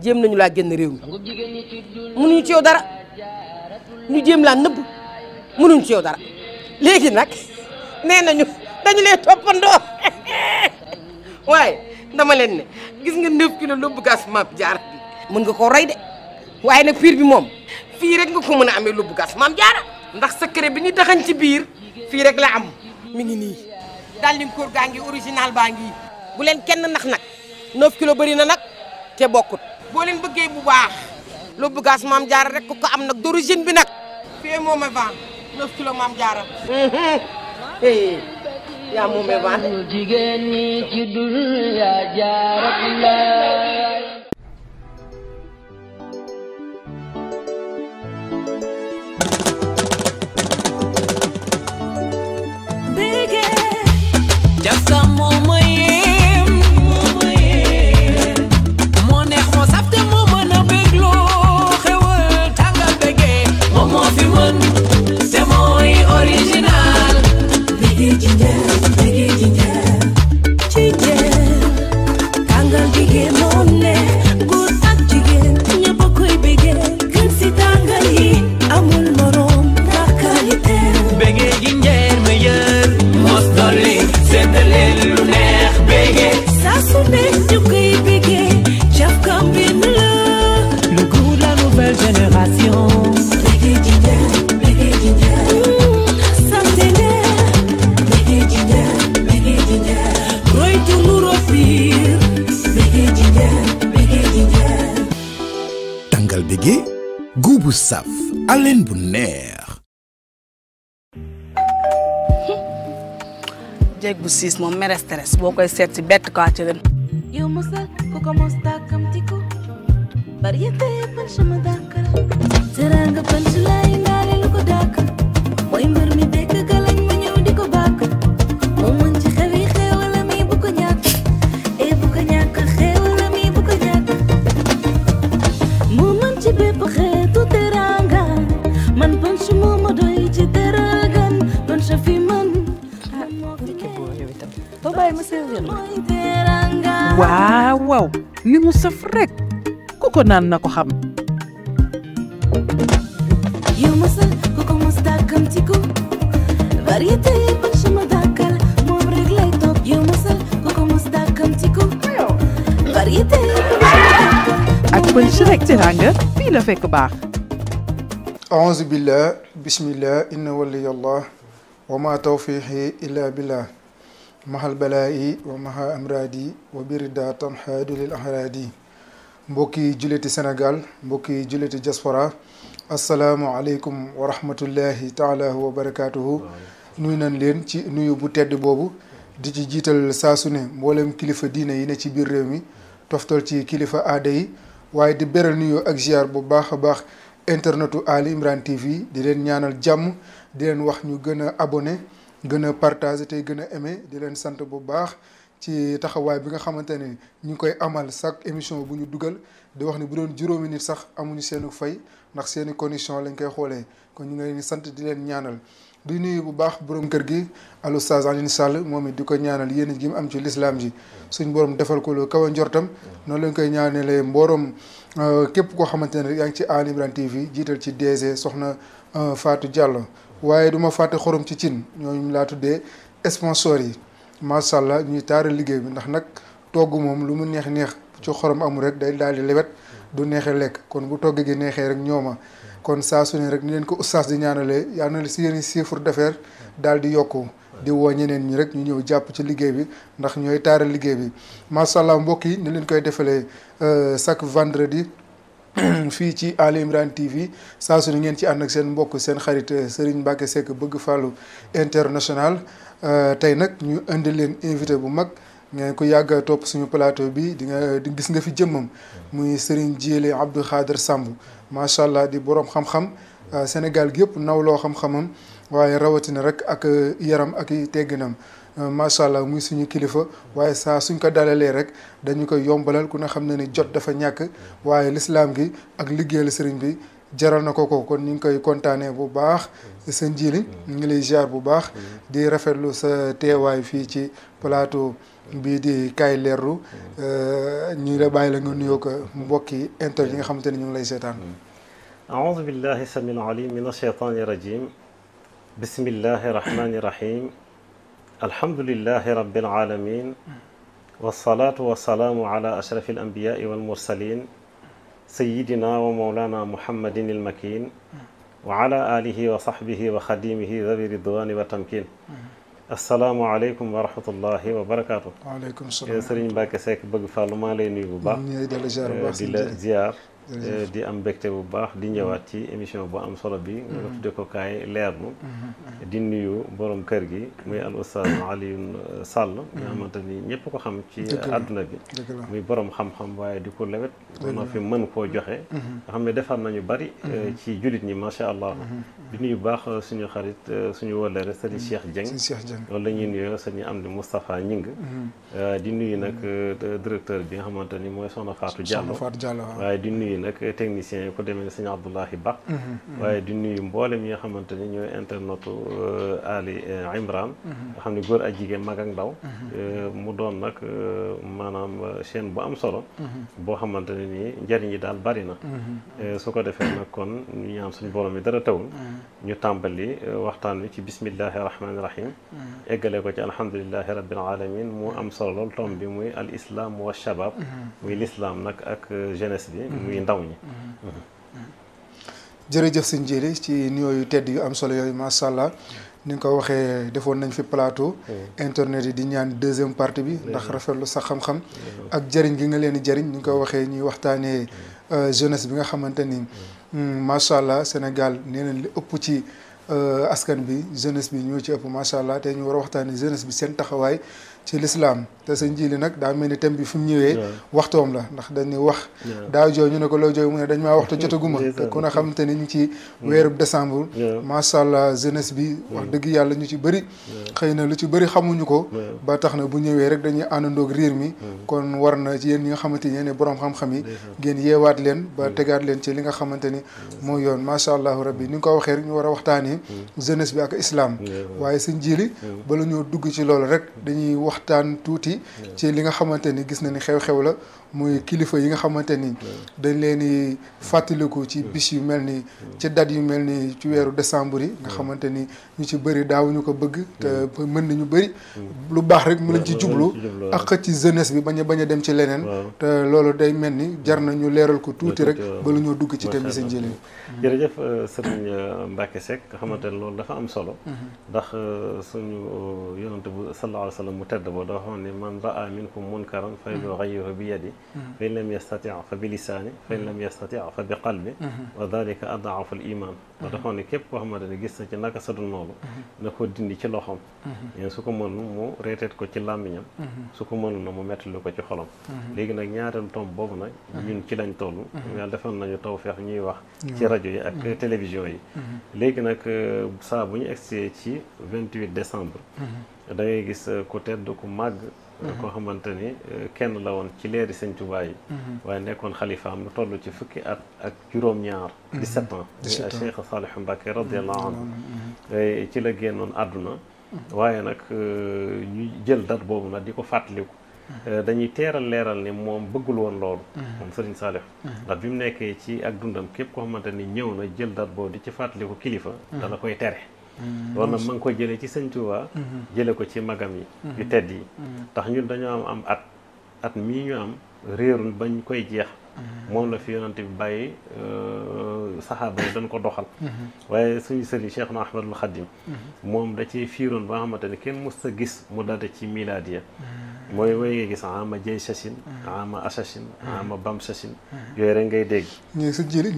jéem nañu laa génn réew mi mënuñu ci yow dara ñu jéem laa nëbb mënuñu ci yow dara léegi nag nee nañu dañu lay toppandoo waaye dama leen ne gis nga 9 kilos lóbbu gas maam jaara bi mën nga koo rey de waaye nag piir bi moom fii rek nga ko mën a amee lóbbu gas maam jaara ndax secret bi ñu taxañ ci biir fii rek la am mi ngi nii dal di kóor gaa ngi original baa ngi bu leen kenn nax nag 9 kilos bari na nag te bokkut boo leen bëggee bu baax loo bëggaas maam jaara rek ku ko am nag d'origine bi nag fii moom a vent neuf kilo maam jaara yaa moom a vent jigéen ñi jaara Just bëggee goût jeeg bu siis moom mere stress boo koy seet si bett kaa ci ren. yow mosal ku ko mos dàkkamti ko variété punch ma dàkkal. teraanga punch laa waaw waaw li mu saf rek ku ko naan na ko xam. yow mosal ku ko mos dàkkamtiku variété yi bëgg sama dàkkal moom rek lay topp yow mosal ku ko mos dàkkamtiku variété yi bëgg sama dàkkal. ak Punch rek teraanga fii la fekk baax. aouzu billah bismillah inna waliyallah wa ma tawfiqi illa billah mahal balaayi wa maha amraadi wa birida tanhaadu lil ahraadi mbokki julliti Sénégal mbokki julliti diaspora asalaamualeykum wa rahmatullahi taala wa barakaatuhu nuyu nañ leen ci nuyu bu tedd boobu di ci jiital saa ne mboolem kilifa diina yi ne ci biir réew mi toftal ci kilifa aada yi waaye di beral nuyu ak ziar bu baax a baax internetu Ali Imran TV di leen ñaanal jàmm di leen wax ñu gën a abonné gën a partager tey gën a aimer di leen sant bu baax ci taxawaay bi nga xamante ne ñu ngi koy amal chaque émission bu ñu dugal di wax ni bu doon juróomi nit sax amuñu seenu fay ndax seeni condition lañ koy xoolee kon ñu ngi sant di leen ñaanal di nuyu bu baax borom kër gi al oustaz Alioune Sall moom it di ko ñaanal yéen gi mu am ci lislaam ji suñ borom defal ko lu kaw a njortam noonu lañ koy ñaaneele mboorom euh, képp koo xamante ne rek yaa ngi ci en Imran TV jiital ci DG soxna euh, Fatou Diallo waaye duma fàtte xorom ci cin ñooñu laa tuddee sponsor yi macha allah ñuy taaral liggéey bi ndax nag togg moom lu mu neex neex ci xorom amul rek day daal di lewet du neexee lekk kon bu togg gi neexee rek ñooma kon saa su rek ni leen ko oustaz di ñaanalee yal na si yéen chiffre d'affaires daal di yokku di woo ñeneen ñi rek ñu ñëw jàpp ci liggéey bi ndax ñooy taaral liggéey bi macha allah mbokk yi ni leen koy defalee euh, chaque vendredi. fii ci Ali Imran TV saa su ne ngeen ci ànd ak seen mbokk seen xarit eh, Serigne Mbacke Seck bëgg fàllu international eh, tey nag ñu indi leen invité bu mag ngeen ko yàgg topp suñu plateau bi di nga gis nga fi jëmmam muy Serigne Djily Abdou Khader Samb macha allah di borom xam-xam eh, Sénégal gi yëpp naw loo xam-xamam waaye rawatina rek ak yaram ak i tegginam Euh, macha allah muy suñu kilifa waaye saa suñ ko dalalee rek dañu ko yombalal ku ne xam ne ni jot dafa ñàkk waaye lislaam gi ak liggéeyal sëriñ bi jaral na ko ko kon ñu ngi koy kontaanee bu baax sa njiili ñu ngi lay ziar bu baax di rafetlu sa teewaay fii ci plateau bii di kaay leerlu euh, ñu la bàyyi la nga nuyoo ko mbokki inter yi nga xamante ne ñu ngi lay seetaan aoudu billahi samil alim min ashaytani rajim bismillahi rahmani alhamdulilahi rabbil alamin wasalaatu wasalaamu ala ashrafi al anbiyaai wal mursalin sayidina wa mawlana muhammadin il makin wa ala alihi wa sahbihi wa xadimihi zawi ridwani wa tamkin asalaamaaleykum wa rahmatullahi wa barakaatu. waaleykum eh, salaam sëriñ Mbacke Seck bëgg Fallou maa lay nuyu bu baax. Eh, di la ziar Euh, di am mbégte bu baax di ñëwaat ci émission bu am solo bi. nga tudde ko leerlu. di nuyu borom kër gi muy al oustaz Alioune euh, Sall. nga mm-hmm. xamante ni ñëpp ko xam ci àdduna bi. muy borom xam-xam waaye di ko lewet. dëgg fi mën koo joxe. Mm-hmm. Mm-hmm. nga xam ne defar nañu euh, ci jullit ñi macha allah. di nuyu baax suñu xarit suñu wëllare sëriñ Cheikh Dieng. loolu la ñuy nuyoo sëñ Amdi Moustapha Ñing. di nuyu nag directeur bi nga xamante ni mooy Soxna Fatou waaye di nuyu. nuyu nag technicien yi ko demee sëñ Abdoulahi Ba mm-hmm. Mm-hmm. waaye du nuyu mboolem mi nga xamante ni ñooy internetu euh, Ali euh, Imran mm-hmm. nga xam ne góor ak jigéen mag ak ndaw euh, mu doon nag maanaam chaîne bu am solo boo xamante ne nii njëriñ yi daal bari na su ko defee nag kon ñu ñaan suñu borom mi dara tawul ñu tàmbali waxtaan wi ci bismillahi rahmaani rahim eggale ko ci alhamdulillahi rabbil alamin mu am solo lool tom muy al islam wa shabab muy l'islam nag ak jeunesse ndaw ñi. jërëjëf sëñ Diéli ci nuyooyu tedd yu am solo yooyu macha allah mm. ni nga ko waxee defoon nañ fi plateau. Mm. internet yi di ñaan deuxième partie bi. Mm. ndax rafetlu sax xam-xam. ak jëriñ gi nga leen di jëriñ ni nga ko waxee ñuy waxtaanee euh, jeunesse bi nga xamante ni macha allah Sénégal nee nañ li ëpp ci euh, askan bi jeunesse bi ñoo ci ëpp macha allah te ñu war a waxtaanee jeunesse bi seen taxawaay. ci lislaam te sëñ njiili nag daa mel ni thème bi fi mu ñëwee waxtoom la ndax dañuy wax daa jooy ñu ne ko loo jooy mu ne dañ maa waxtu jotaguma te ku ne xam te ni ñu ci weerub décembre macha allah jeunesse bi wax dëgg yàlla ñu ci bëri xëy na lu ci bëri xamuñu ko ba tax na bu ñëwee rek dañuy àndandoog riir mi mm. kon war na ci yéen ñi nga xamante ni ne borom xam yi ngeen yeewaat leen ba tegaat leen ci li nga xamante ni mooy yoon macha allah rabbi ni nga koy waxee rek ñu war a waxtaanee mm. jeunesse bi ak islaam waaye sëñ jili bala la ñoo dugg ci loolu rek dañuy wax waxtaan tuuti ci li nga xamante ni gis na ni xew-xew la muy kilifa yi nga xamante ni dañ leen di fàttaliku ci bis yu mel ni ci date yu mel ni ci weeru décembre yi nga xamante ni ñu ci bëri daawuñu ko bëgg te mën nañu bëri lu baax rek mu lañ ci jublu ak ci jeunesse bi bañ a bañ a dem ci leneen te loolu day mel ni jar na ñu leeral ko tuuti rek ba lu ñoo dugg ci thème bi seen jëlee jërëjëf euh, sëriñ euh, Mbacke Seck nga xamante ne loolu dafa am solo mm-hmm. ndax euh, suñu yonante bu sallallahu alayhi wa sallam mu tedd boo dafa xam ne man raa minkum munkaran falyughayyirhu bi yadihi fa in lam yastati fa bi lisaani fa in lam yastati fa bi qalbi wa dalika a l iman ba taxoon ne képp koo xamante ne gis na ci naka sadul noonu na ko dindi ci loxoom leen su ko mënul mu reeteet ko ci làmmiñam su ko mënul na mu mettali ko ci xolam léegi nag ñaareelu tomb boobu nag ñun ci lañ toll yàlla defal nañu tawfeex ñuy wax ci rajo ak télévision yi léegi nag saa bu ci 28 décembre da ngay gis ku tedd ku màgg Mm-hmm. koo xamante ni euh, kenn la woon ci leeri Sëñ Tuubaa yi mm-hmm. waaye nekkoon xalifaam lu toll ci fukki at ak juróom-ñaar 17 mm-hmm. ans Cheikh Saliou Mbacké radiyallahu anhu ci la génnoon àdduna waaye nag euh, ñu jël dat boobu nag di ko fàttaliku euh, dañuy teeral leeral ni moom bëggul woon loolu moom Serigne Saliou ndax bi mu nekkee ci ak dundam képp koo xamante ni ñëw na jël dat boobu di ci fàttaliku kilifa dala koy tere Mm-hmm. loolu nag ma ngi ko jëlee ci sëñ Touba. Mm-hmm. jëlee ko ci magam yi. Mm-hmm. yu tedd yi. tax ñu dañoo am at at mii ñu am réerul bañ koy jeex. moom la fi bi bàyyi euh, saxaaba yi dañ ko doxal waaye suñu sëriñ na Ahmadul Xadim moom da cee fiiroon ba nga xamante ne kenn mës sa gis mu date ci milaadiya mooy way ngay gis ama jëy bam sachin yooyu rek ngay dégg ñooy su jili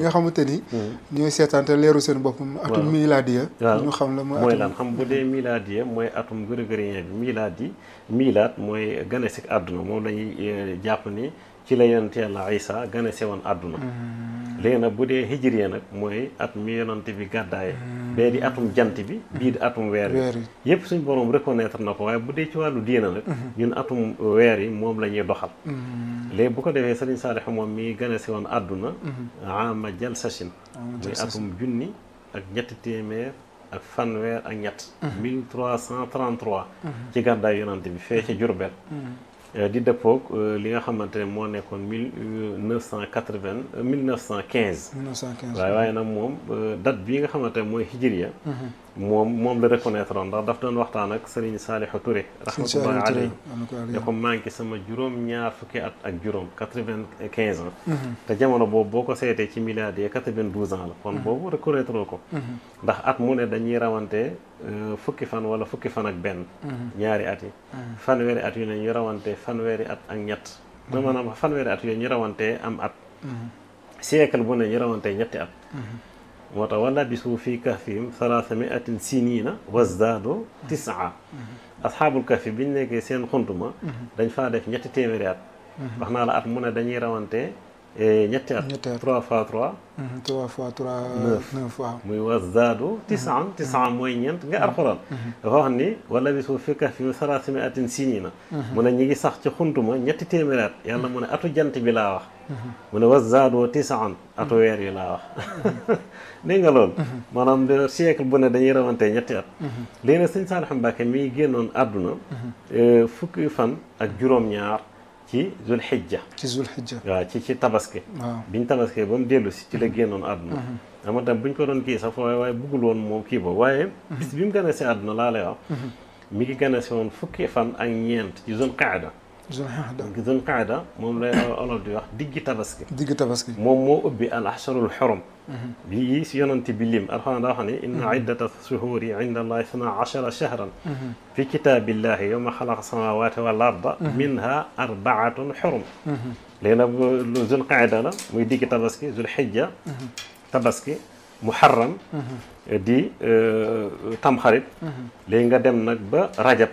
nga xamante ni hmm. ñooy seetaante leeru seen bopp atum milaadiya waaw ñu xam la mooy lan xam bu dee milaadiya mooy atum grégorien bi milaad yi milaad mooy ganesik àdduna moom lañuy euh, jàpp ni ci la yonent yàlla Isa gane sewoon àdduna mm-hmm. léegi nag bu dee hijriya nag mooy at mi yonante bi gàddaaye mm-hmm. bee di atum jant bi bii di atum weer yi yépp suñ borom reconnaître na ko waaye bu dee ci wàllu diina nag mm-hmm. ñun atum weer yi moom la ñuy doxal léegi bu ko defee sëriñ Saalixu moom mi gane si woon àdduna ama jal sachin muy atum junni ak ñetti téeméer ak fanweer ak ñett mille trois cent trente-trois ci gàddaay yonante bi fee ca Jurbel Euh, di dëppoog euh, li nga xamante ne moo nekkoon mille euh, neuf cent quatre vingt mille neuf cent quinze. mille cent quinze waaye waaye nag moom date bi nga xamante ne mooy hijriya mm-hmm. moom moom la reconnaître oon ndax daf doon waxtaan ak Serigne Saliou Touré rahmatullahi alayhi ne ko sama juróom ñaar fukki at ak juróom quatre-vingt-quinze ans mhm. te jamono boobu boo ko seetee ci milliards yi quatre-vingt-douze ans la kon mhm. boobu reconnaître ko mhm. ndax at mu ne dañuy rawante euh, fukki fan wala fukki fan ak benn ñaari at yi fanweeri at yi ne ñu rawante fanweeri at ak ñett maanaam fanweeri at yooyu ñu rawante am at siècle bu ne ñu rawante ñetti at moo tax bi bisu fii kahfihim salaasa miatin sinina wasdaado tisaa asxaabul kahfi biñ nekkee seen xuntuma dañ faa def ñetti téeméeri at wax naa la at mu ne dañuy rawante eh, ñetti at trois fois trois mm-hmm, trois fois trois neuf waaw muy wasdaado tisaan mm-hmm. tisaan mm-hmm. mooy ñeent nga alxuraan dafa wax ni wala bisu fii kahfihim salaasa miatin sinina mu ñi ngi sax ci xuntuma ñetti téeméeri at yàlla mu atu jant bi laa wax mu ne wasdaado tisaan atu weer yi laa wax dégg nga loolu maanaam de siècle bu ne dañuy rawantee ñetti at léegi nag sëñ Saalix Mbàkke mi génnoon àdduna euh, fukki fan ak juróom-ñaar ci zulhijja ci zulhijja waaw ci ci tabaski biñ tabaskee ba dellu si ci la génnoon àdduna mhm. ama tam buñ ko doon kii sax waaye waaye buggul woon moom kii ba waaye mhm. bis bi mu gane si àdduna laa mhm. mi ngi gane si woon fukki fan ak ñeent ci zul qaada donc zul qaada moom lay olof di wax diggi tabaski diggi tabaski moom moo ubbi al ahsharul xurum mhm. bii si yonent bi lim alxuraan daa wax ne inna mhm. iddata shuhuri inda allahi isna ashara shahran mhm. fi kitaabillahi yowma xalaqa samawati wal arda minha arbaatun xurum léegi nag zul qaada la muy diggi tabaski zul xijja tabaski mu muharram mhm. di euh, tamxarit mhm. léegi nga dem nag ba rajab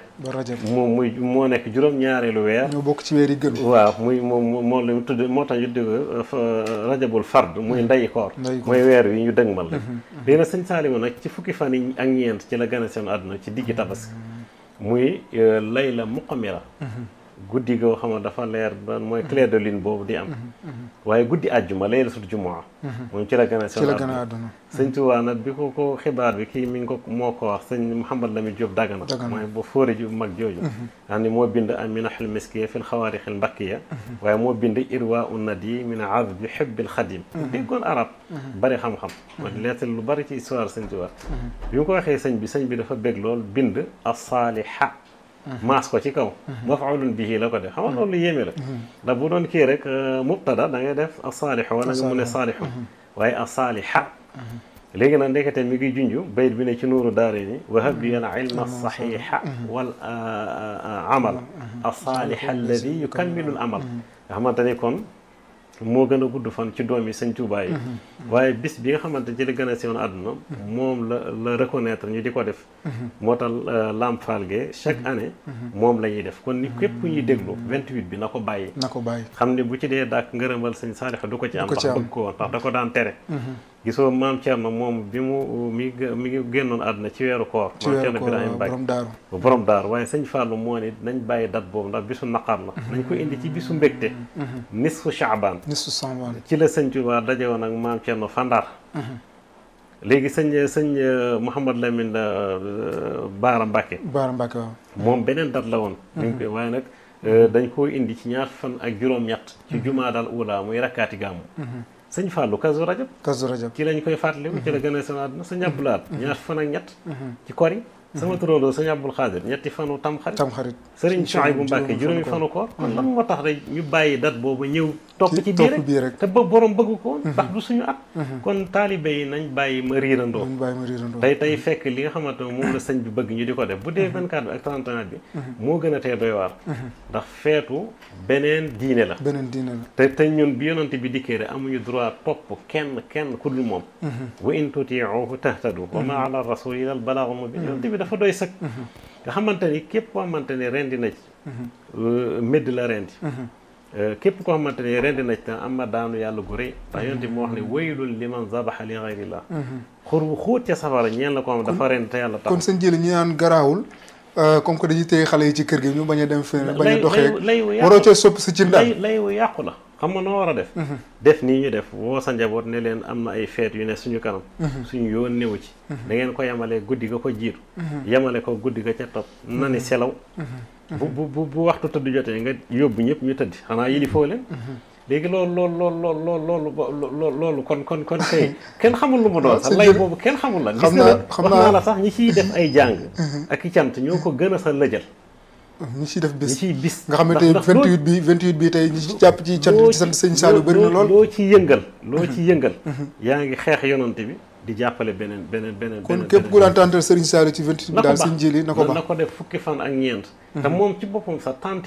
moom muy moo nekk juróom-ñaareelu weer ñoo bokk ci weer yi gën waaw muy moom moo la mu tudd moo tax ñu tudd euh, rajabul fard muy mhm. nday koor mooy weer wi ñu dëgmal la léegi nag sëñ nag ci fukki fan yi ak ñeent ci la gane seen àdduna ci diggi tabaski muy euh, layla la guddi goo xam ne dafa leer ba mooy clair de lune boobu di am waaye guddi àjjuma laylatul jumaa moom ci la gën a ci la gën a àdduna sëñ Tuubaa nag bi ko ko xibaar bi kii mi ngi ko moo ko wax sëñ Mouhamed Lamine Diop Dagana mooy ba fóori ji mag jooju xam mhm. ne moo bind am minaxil miskiya fil xawaarixil mbakkiya mhm. waaye moo bind irwa un nadi min aad bi xibbil xadim mhm. déggoon arab bari xam-xam ma lu bari ci histoire sëñ Tuubaa bi mu ko waxee sëñ bi sëñ bi dafa maas ko ci kaw maf'ulun mhm. bihi la ko def xam nga mhm. loolu yéeme la mhm. ndax bu doon kii rek euh, mubtada da ngay def asaalixu wala nga mu ne saalixu waaye asaalixa léegi nag ndekete mi ngi junj bayt bi ne ci nuuru daare ni wahab li al ilma saxiixa wal amala asaalixa alladi yukammilu al amal nga xamante ni kon moo gën a gudd fan ci doom yi sëñ Tuubaa yi mhm. waaye bis bi nga xamante ci la gën a siiwoon àdduna moom la la reconnaître ñu di ko def mhm. moo tax euh, Lamp Fall Gueye chaque mhm. année moom la def kon ni képp ñuy déglu vingt-huit bi na ko bàyyi na ko bàyyi xam ne bu ci dee dàkk ngërëmal sëñ Saaliu du ko ci am ndax da ko daan tere gisoo maam Thierno moom bi mu mi mi ngi génnoon àdduna ci weeru koor maam Thierno Birahim Baye borom daaru waaye sëñ Fallou moo ni nañ bàyyi date boobu ndax bisu naqar la mhm. ko indi ci bisu mbégte mhm. nisfu Chaabaan nisfu Chaabaan ci la sëñ Tuubaa daje woon ak maam Thierno Fandar mhm. léegi sëñ sëñ euh, Mouhamad Lamine euh, Baara Mbacke Baara Mbacke waaw moom beneen date la woon ñu waaye nag euh, dañ koo indi ci ñaar fan ak juróom-ñett ci jumaa dal uulaa muy rakkaati gàmmu sëñ Fallou Kazu Rajab Kazu Rajab ci lañ koy gën a seen àdduna sëñ Abdou Lahad mhm. ñaar sama mhm. turandoo sëñ Abdul Xaadir ñetti fanu tamxarit tamxarit sëriñ Suhaybu Mbàkke juróomi fanu koor kon lan moo tax rek ñu bàyyi dat boobu ñëw topp ci biir rek te ba borom bëgg mhm. mhm. yi nañ bàyyi ma riirandoo nañ bàyyi ma riirandoo tey tey fekk li nga xamante ne moom la ñu di ko def bu dee 24 bi ak 31 bi a tee doy waar ndax feetu beneen diine la beneen diine la te te ñun bi yonante bi dikkee rek amuñu droit topp kenn kenn ku dul moom wa in tutiiuhu bi dafa doy sëkk nga xamante ni képp koo xamante ni rendi na ci euh, la rendi euh, képp koo xamante rendi na ci tam am na daanu yàlla gu rëy ndax yonte moo wax ne waylul liman zabaha li ghayrillah mhm. xur bu xóot ca safara ñeen la ko am dafa rendi te yàlla tax kon seen jëli ñu naan garaawul Euh, comme ko dañuy téye xale yi ci kër gi ñu bañ dem fenn lay lay wu yàqu la xam nga noo war a def mhm. def nii ñu def woo sa njaboot ne leen am na ay feet yu ne suñu kanam mhm. suñu yoon newu ci da mhm. ngeen ko yemale guddi ga ko jiitu yemale ko guddi ga ca topp na ni selaw bu bu bu waxtu tëdd jotee nga yóbbu ñëpp ñu tëdd xanaa yili foo leen léegi loolu loolu loolu loolu loolu loolu kon kon kon tey kenn xamul lu mu doon sax lay boobu kenn xamul la gis nga wax naa la sax ñi ciy def ay jàng mhm. ak i cant ñoo ko gën a sa lëjal ñi ciy def bis ñi ciy bis nga xam ne tey 28 bi 28 bi tey ñi ci jàpp ci cant ci sant sëñ Saliou bëri lool loo ci yëngal loo mhm. ci yëngal mhm. yaa ngi xeex yonante bi di jàppale beneen beneen beneen. kon képp ku daan tàntal Serigne Saliou ci 28 bi daal seen mhm.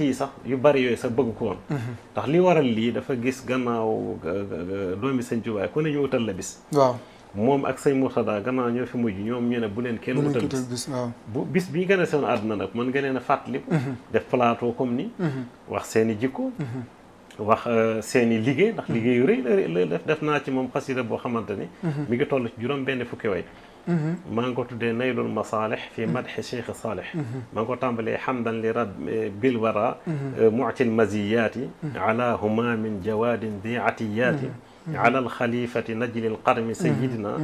yi sax yu bari yooyu sax bëgg ko woon. Mhm. li waral lii dafa gis gannaaw euh, euh, doomi Sëñ Tuubaa ku ne ñu wutal la bis. waaw moom ak Sëñ Murtada gannaaw ñoo fi mujj ñoom ñu ne bu leen kenn wutal bis bu bis bi ñu gën a seen àdduna nag mën nga leen a fàttali. Mhm. def plateau comme ni. wax seen jikko. wax euh, seen i liggéey ndax liggéey yu rëy la def def naa ci moom xasida boo xamante ni mhm. mi ngi toll ci juróom benn fukki way mhm. maa ngi ko tuddee naylul masaalih fi mhm. madxi cheikh saalih maa ngi ko tàmbalee hamdan li rab e, bil wara e, muctil maziyaati ala humamin jawadin di atiyaati ala alxalifati najli alqarmi sayidina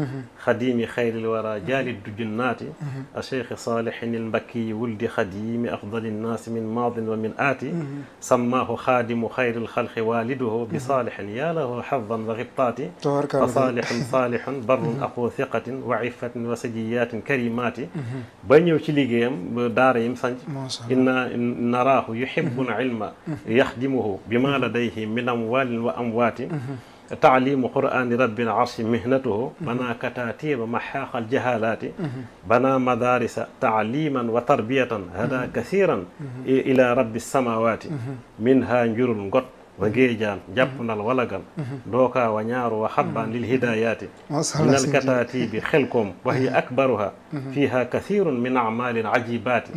xadimi xayril wara jaali dujunnaati a cheikh saalihin almbakkiyi wuldi xadimi afdali nnaasi min maadin wa min aati sammaahu xaadimu xayril xalqi waaliduhu bi saalihin yaa lahu xadan wa xibtaati fa saalihun saalihun barrun aqu thiqatin wa iffatin wa sajiyaatin karimaati ba ñëw ci liggéeyam daara yim sanc inna naraahu yuhibbul ilma yaxdimuhu bima ladayhi min amwaalin wa amwaatin taalimu qur'ani rabbil arshi mihnatuhu bana katatiba maxaaqal jahalaati bana madarisa taaliman wa tarbiyatan hada kasiran ila rabbi samawati min ha njurul ngot wa ngeejaan jàppnal walagal dooka wa ñaaru wa habban lil hidayati minal katatibi xelkom wa hiya akbaruha fiha kasirun min amalin ajibati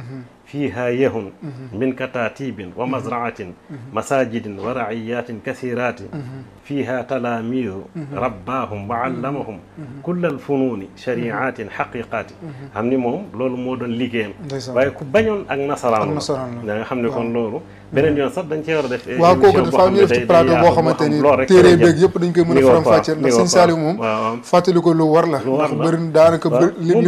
fiha yahun min katatibin wa mazraatin masajidin wa raciyatin kasiratin فيها تلاميذ رباهم وعلمهم كل الفنون شريعات حقيقات xam ni moom loolu moo doon liggéeyam waaye ku bañoon a nasaraan la nga xam ne kon loolu beneen yoon sax dañ cee a def waaw kooku de faaw ñu def ci plateau boo xamante ni téere beeg yëpp dañ koy a ko lu war la ndax bëri daanaka bëri li mhm.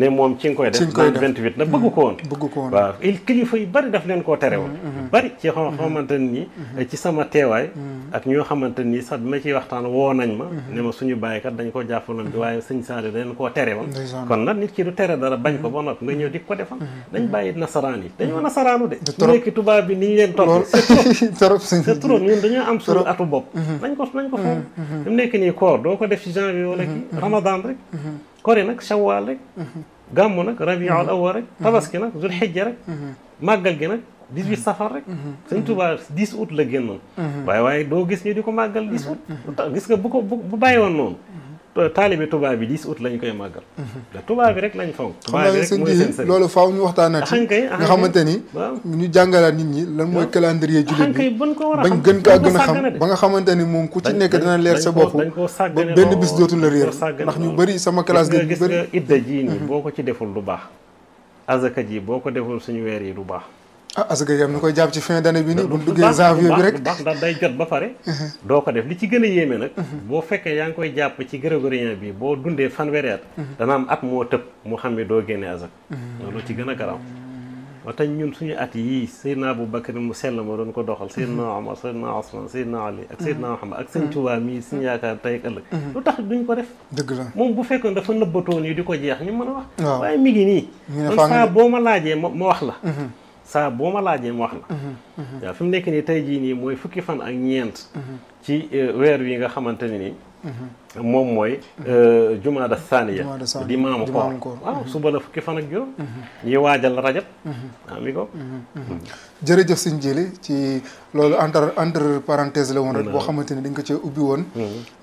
ne moom ci def vingt-huit la bëgg mhm. ko préparé woon mm-hmm, mm-hmm. bari ci xaw mm-hmm. xamante ni ci sama teewaay ak ñoo xamante ni sax bi ma ciy waxtaan woo nañ ma ne ma suñu bàyyikat dañ ko jàppaloon bi waaye sëñ Saaliw dañ koo tere woon kon nag nit ki du tere dara bañ ko ba noppi nga ñëw di ko defal dañ bàyyi nasaraan yi dañoo nasaraanu de ñu nekk tubaab bi ni ñu leen topp c'est trop c'est trop ñun dañoo am suñu atu bopp nañ ko nañ ko foog damu nekk nii koor doo ko def ci janvier wala ki ramadan rek kori nag shawaal rek gàmmu nag rabiul awwal rek tabaski nag zul xijja gi nag 18 mhm. safar rek. Mhm. sëñ mhm. Touba 10 août la génnoon. waaye waaye doo gis ñu di ko màggal 10 août. gis nga bu ko bu bàyyi woon noonu. taalibe tubaab bi 10 août lañu koy màggal. te tubaab bi rek lañu fonk. tubaab bi rek mooy seen loolu faaw ñu waxtaanati. xankay nga xamante ni. ñu jàngalaat nit ñi lan mooy calendrier jullit bi. bañ ko war gën kaa gën a xam ba nga xamante ni moom ku ci nekk dana leer sa bopp. dañ koo sàggane benn bis dootul la réer. ndax ñu bari sama classe gi ñu bëri. idda jii boo ko ci deful du baax. azaka ji boo ko deful suñu weer yi du baax ah asaka yi am na koy jàpp ci fin d'année bi nii bu duggee janvier bi rek ba pare uh-huh. doo ko def li ci gën a yéeme nag uh-huh. boo fekkee yaa ngi koy jàpp ci grégorien bi boo dundee fanweeri at uh-huh. dana am at moo xam ne doo génne asak loolu ci gën a garaaw moo tax ñun suñu at yii Seydina Aboubacar mu sell ma doon ko doxal Seydina Omar Seydina Ousmane Seydina Ali ak Seydina tey ak lu tax duñ ko def dëgg la moom bu fekkoon dafa nëbbatoon yi di ko jeex ñu mën a wax waaye mi ngi nii man saa boo ma laajee ma wax la saa boo ma laajee ma wax la. waaw mhm, mhm. fi mu nekk nii tey jii nii mooy fukki fan ak ñeent. Mhm. ci euh, weer wi nga xamante ne nii. moom mooy. Euh, jumaada saaniya di maamu koor waaw suba la fukki fan ak juróom. ñuy waajal rajab. am ko. jërëjëf sëñ Jili ci loolu entre entre parenthèse la woon rek boo xamante ni dañ ko cee ubbi woon.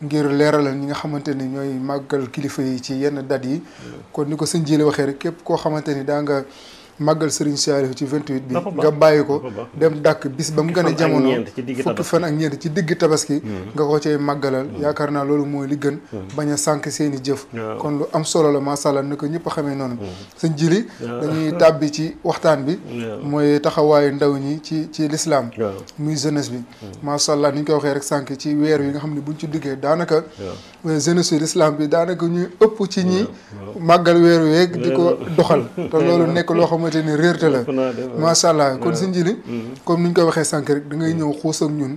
ngir leeralal ñi nga xamante ni ñooy màggal kilifa yi ci yenn dat yi. kon ni ko sëñ Jili waxee rek képp koo xamante ni daa nga. màggal Serigne Saliou ci 28 bi nga bàyyi ko dem dàkk bis ba mu gën a jamono fukki fan ak ñeent ci digg tabaski mm. nga ko cay màggalal mm. yaakaar naa loolu mooy li gën mm. bañ a sànk seen i jëf kon lu am solo la maasàllaa na ko ñëpp xamee noonu sëñ jili dañuy tàbbi ci waxtaan bi mooy taxawaayu ndaw ñi ci ci lislaam muy jeunesse bi maasàllaa ni ñu ko waxee rek sànk ci weer wi nga xam ne buñ ci diggee duggee daanaka euh, jeunesse lislaam bi daanaka ñuy ëpp ci ñi màggal weeru yeeg di doxal te ni réerte la macha allah kon si njëriñ mm-hmm. comme ni ñu ko waxee sànq rek da ngay ñëw xuus ak ñun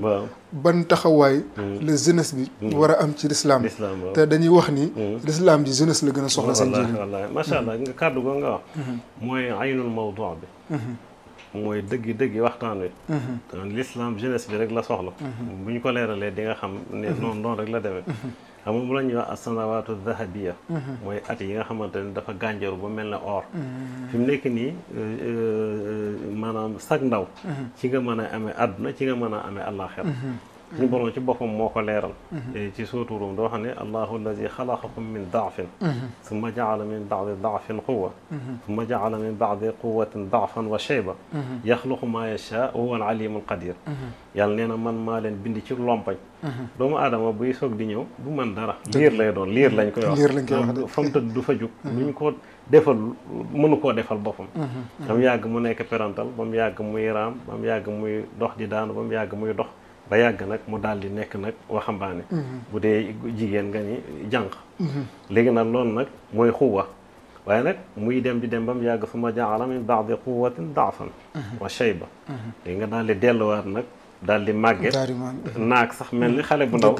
ban taxawaay mm-hmm. la jeunesse bi mm-hmm. war a am ci l'islam te dañuy wax ni l'islam ji jeunesse la gën a soxla seen njëriñ wallaahi macha allah nga kàddu go nga wax mooy aynul mawdu bi mooy dëggi dëggi waxtaan wi l'islam jeunesse bi rek la soxla bu ñu ko leeralee di nga xam ne noonu noonu rek la demee xam nga mu la ñuy wax asanawaatu zahabiya mooy at yi nga xamante ne dafa gànjaru ba mel ne or fi nekk nii euh, euh, euh, maanaam sag ndaw mm-hmm. ci nga mën a amee àdduna ci nga mën a amee àllaaxira mm-hmm. suñu borom ci boppam moo ko leeral mhm. eh, ci suuturum doo xam ne allahu alladi xalaqakum min daafin mhm. summa jaala min baadi daafin quwa mhm. summa jaala min baadi quwatin daafan wa shayba yaxluqu maa yashaa wa huwa al alimu al qadir yàlla nee na man maa leen bind ci lompañ doomu aadama buy soog di ñëw du man dara liir lay doon liir lañ koy wax fa mu tëdd du fa jug luñ ko defal mënu koo defal boppam ba mu yàgg mu nekk perantal ba mu yàgg muy raam ba mu yàgg muy dox di daanu ba mu yàgg muy dox ba yàgg nag mu daal di nekk nag waxambaane mhm. bu dee jigéen nga ni jànq mhm. léegi nag lool nag mooy xuwa waaye nag muy dem di dem ba mu yàgg suma jaala min baadi quwatin daafan mhm. wa shayba léegi nga daal di delluwaat nag daal di màgget naag sax mel ni xale bu ndaw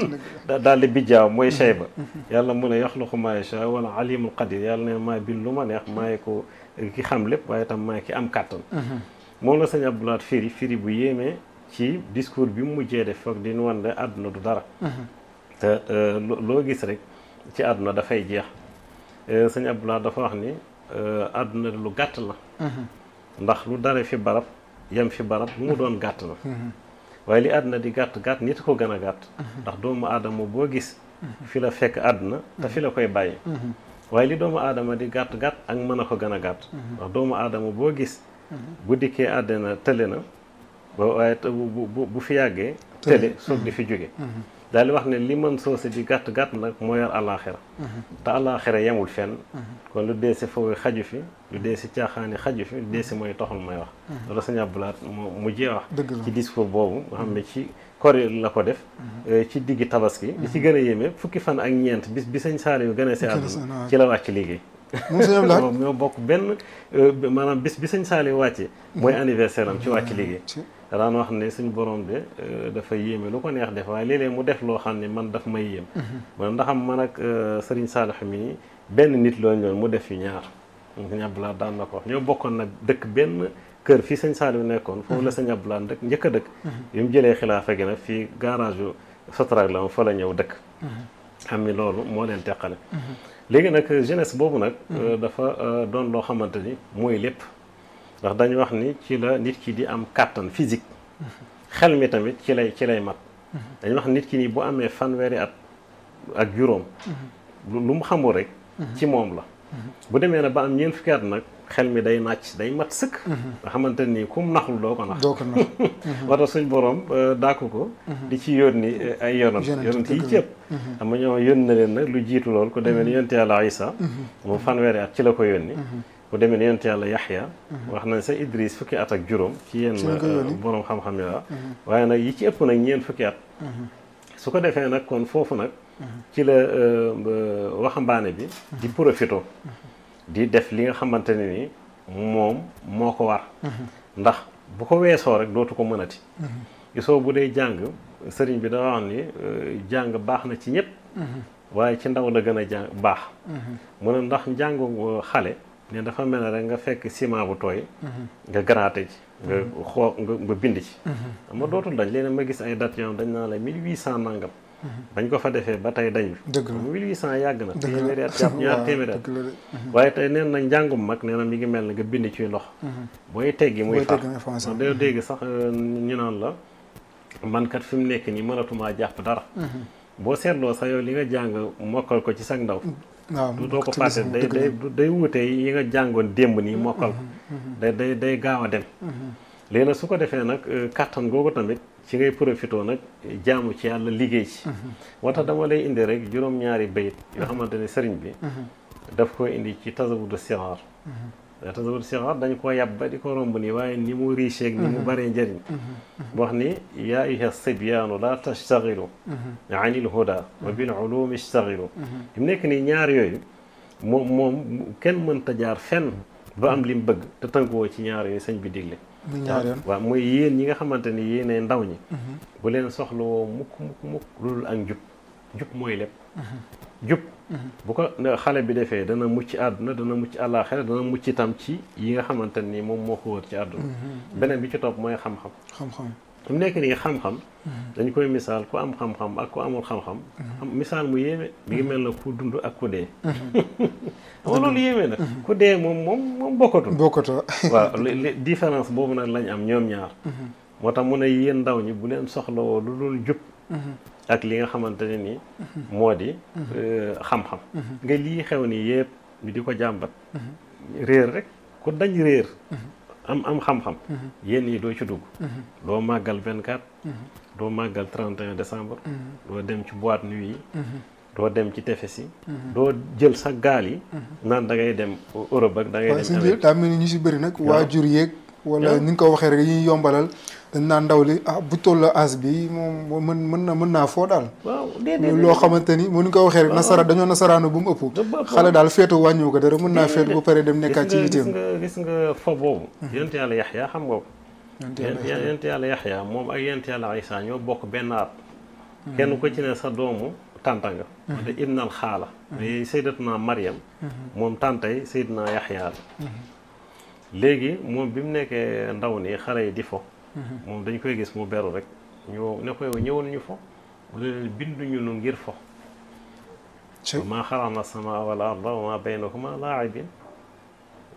daal di bijjaaw mooy shayba yàlla mu ne yaxluqu maa yashaa wal alimul ne maa ko ki lépp waaye tam maay ki am kàttan moom la sëñ Abdoulaat firi firi bu yéemee ci discours bi mu mujjee de foog di nu wan ne àdduna du dara. Mhm. Euh, loo gis rek ci àdduna dafay jeex euh, sëñ Abdoulaye dafa wax ni euh, àdduna lu gàtt la. Mhm. ndax lu dare fi barab yem fi barab lu mu doon gàtt na. Mhm. waaye li àdduna di gàtt gàtt nit ko gën a gàtt. ndax doomu aadama boo gis. fi la fekk àdduna. te fi la koy bàyyi. waaye li doomu aadama di gàtt gàtt ak mën a ko gën a gàtt. ndax doomu aadama boo gis. bu dikkee àddina tële na. ba waaye bu bu fi yàggee. tële soog di fi jóge. daal di wax ne li mën soose di gàtt gàtt nag moo yor àllaaxira mhm. te àllaaxira yemul fen mhm. kon lu dee si foofu xaju fi lu dee si caaxaani xaju fi lu dee si mooy toxal may wax. Mhm. loolu sëñ Abdoulaat mu mujjee wax. ci discours boobu nga xam ne ci kori la ko def. Euh, ci diggi tabaski. li ci gën a yéeme fukki fan ak ñeent bis bi sëñ Saaliw yu gën a si àdduna ci la wàcc liggéey. moom sëñ Abdoulaat ñoo bokk benn euh, maanaam bis bi sëñ Saaliw wàcce. mooy anniversaire am ci wàcc liggéey. daan wax ne suñu borom de euh, dafa yéeme lu ko neex def waaye léeg mu def loo xam ne man daf may yéem. man mhm. ndax man ak euh, Serigne Saliou mi benn nit looñu loon mu def fi ñaar sëñ Abdoulaye daan na wax ñoo bokkoon nag dëkk benn kër fii sëñ Saliou nekkoon. foofu la mhm. sëñ Abdoulaye dëkk njëkk a dëkk. Mhm. bi mu jëlee xilaafa gi nag fii garage yu Sotrac la fa la ñëw dëkk. xam ni loolu moo leen teqale. léegi nag jeunesse boobu nag. Euh, dafa doon loo xamante ni mooy lépp. ndax dañu wax ni ci la nit ki di am kàttan physique xel mi tamit ci lay ci lay mat dañu wax nit ki ni bu amee fanweeri at ak juróom lu mu xamul rek ci moom la bu demee na ba am ñeent fukki nag xel mi day nàcc day mat sëkk nga xamante nii ku mu naxul doo ko nax doo ko nax wata suñ borom euh, dàkku ko di ci yónni euh, ay yonant yonant yi cëpp xam nga ñoo yónni leen nag lu jiitu lool ku demee ni yonte yàlla Isa fanweeri at ci la ko yónni bu demee ni yonent yàlla yaxya mhm. wax nañ sa Idris fukki at ak juróom ci yenn euh, borom xam-xam yi mhm. waaye nag yi ci ëpp nag ñeent fukki at mhm. su ko defee nag kon foofu nag ci la euh, waxambaane bi di profito di def li nga xamante ne ni moom moo ko war ndax bu ko weesoo rek dootu ko mënati gisoo bu dee jàng sëriñ bi dafa wax ni euh, jàng baax na ci ñëpp waaye ci ndaw la gën a jàng baax mu ne ndax njàngu xale ne dafa mel na rek nga fekk ciment bu tooy. Mhm. nga garaate ci. nga mhm. xoo nga bind ci. ma mhm. dootul dañ leen ma gis ay dates yoo xam dañ naa la 1800 nangam. bañ ko fa defee ba tey dañu. dëgg la 1800 yàgg na. dëgg la téeméeri at jàpp ñaar téeméeri at waaye tey nee na njàngum mag nee na mi ngi mel ne nga bind ci ndox. booy teggi muy far booy day dégg sax euh, ñu naan la man kat mu nekk nii mënatumaa jàpp dara. boo seetloo sax yow li nga jàng mokkal ko ci sag ndaw. waaw doo ko passé day day day wuute yi nga jàngoon démb nii mm-hmm. mokkal mm-hmm. day day day gaaw a dem mm-hmm. léegi nag su ko defee nag euh, kàttan googu tamit ci ngay profitoo nag jaamu ci yàlla liggéey ci moo tax dama lay indi rek juróom-ñaari bayit yoo xamante ne sëriñ bi daf ko indi ci tasawudu sixaar tasawur dañ ko yàb ba di ko romb nii waaye ni mu riche ak ni mu bëree njëriñ wax ni yaa ayyuha sibyaanu laa tastaxilu an huda wa bil ulumi mu nekk nii ñaar yooyu moom moom kenn mënta jaar fenn ba am li mu bëgg te tënkuwoo ci ñaar yooyu sëñ bi digle waaw mooy yéen ñi nga xamante ni yéenee ndaw ñi bu leen soxlawoo mukk mukk mukk lu dul ak njub jub mooy lépp jub bu ko xale bi defee dana mucc àdduna dana mucc àllaaxira dana mucc itam ci yi nga xamante ni moom moo ko wër ci àdduna mm-hmm. beneen bi ci topp mooy xam-xam xam-xam mu nekk nii xam-xam mm-hmm. dañ koy misaal ku am xam-xam ak ku amul xam-xam mm-hmm. misaal mu yéeme bi ngi mel na ku dund ak ku dee moom loolu yéeme na ku dee moom moom moom bokkatul bokkatul waaw différence boobu nag lañ am ñoom ñaar moo tax mu ne yéen ndaw ñi bu leen soxlawoo lu dul jub ak li nga xamante ne ni moo di euh, xam-xam nga lii xew ni yëpp ñu di ko jàmbat réer rek ku dañ réer am am xam-xam yéen yi doo ci dugg doo màggal 24 doo màggal 31 décembre doo dem ci boîte nuit yi doo dem ci tefes yi doo jël sa gaal yi naan da ngay dem Europe ak da ngay dem daa ñu si bëri nag waajur yeeg wala ni nga ko waxee rek yi yombalal dañ naa ndaw li ah bu tolloo as bi moom mën mën na mën naa foo daal loo xamante ni mu ni ko waxee rek nasara dañoo nasaraanu bu mu ëpp xale daal feetu wàññiwu ko dara mën naa feetu ba pare dem nekkaat ci yitteem gis nga fo boobu hmm. yonent yàlla yaxya xam nga ko yonent yàlla yaxya moom ak yonent yàlla isa ñoo bokk benn at hmm. ko ci sa doomu tànta nga wante hmm. ibnal xaala sayyidatuna Maryam la léegi moom bi mu nekkee ndaw ni xale yi di fo mhm. moom dañ koy gis mu beru rek ñu ne ko yow ñëwal ñu fo mu ne leen binduñu nu ngir fo maa xalaqna sama wal na ko ma baynahuma laa'ibin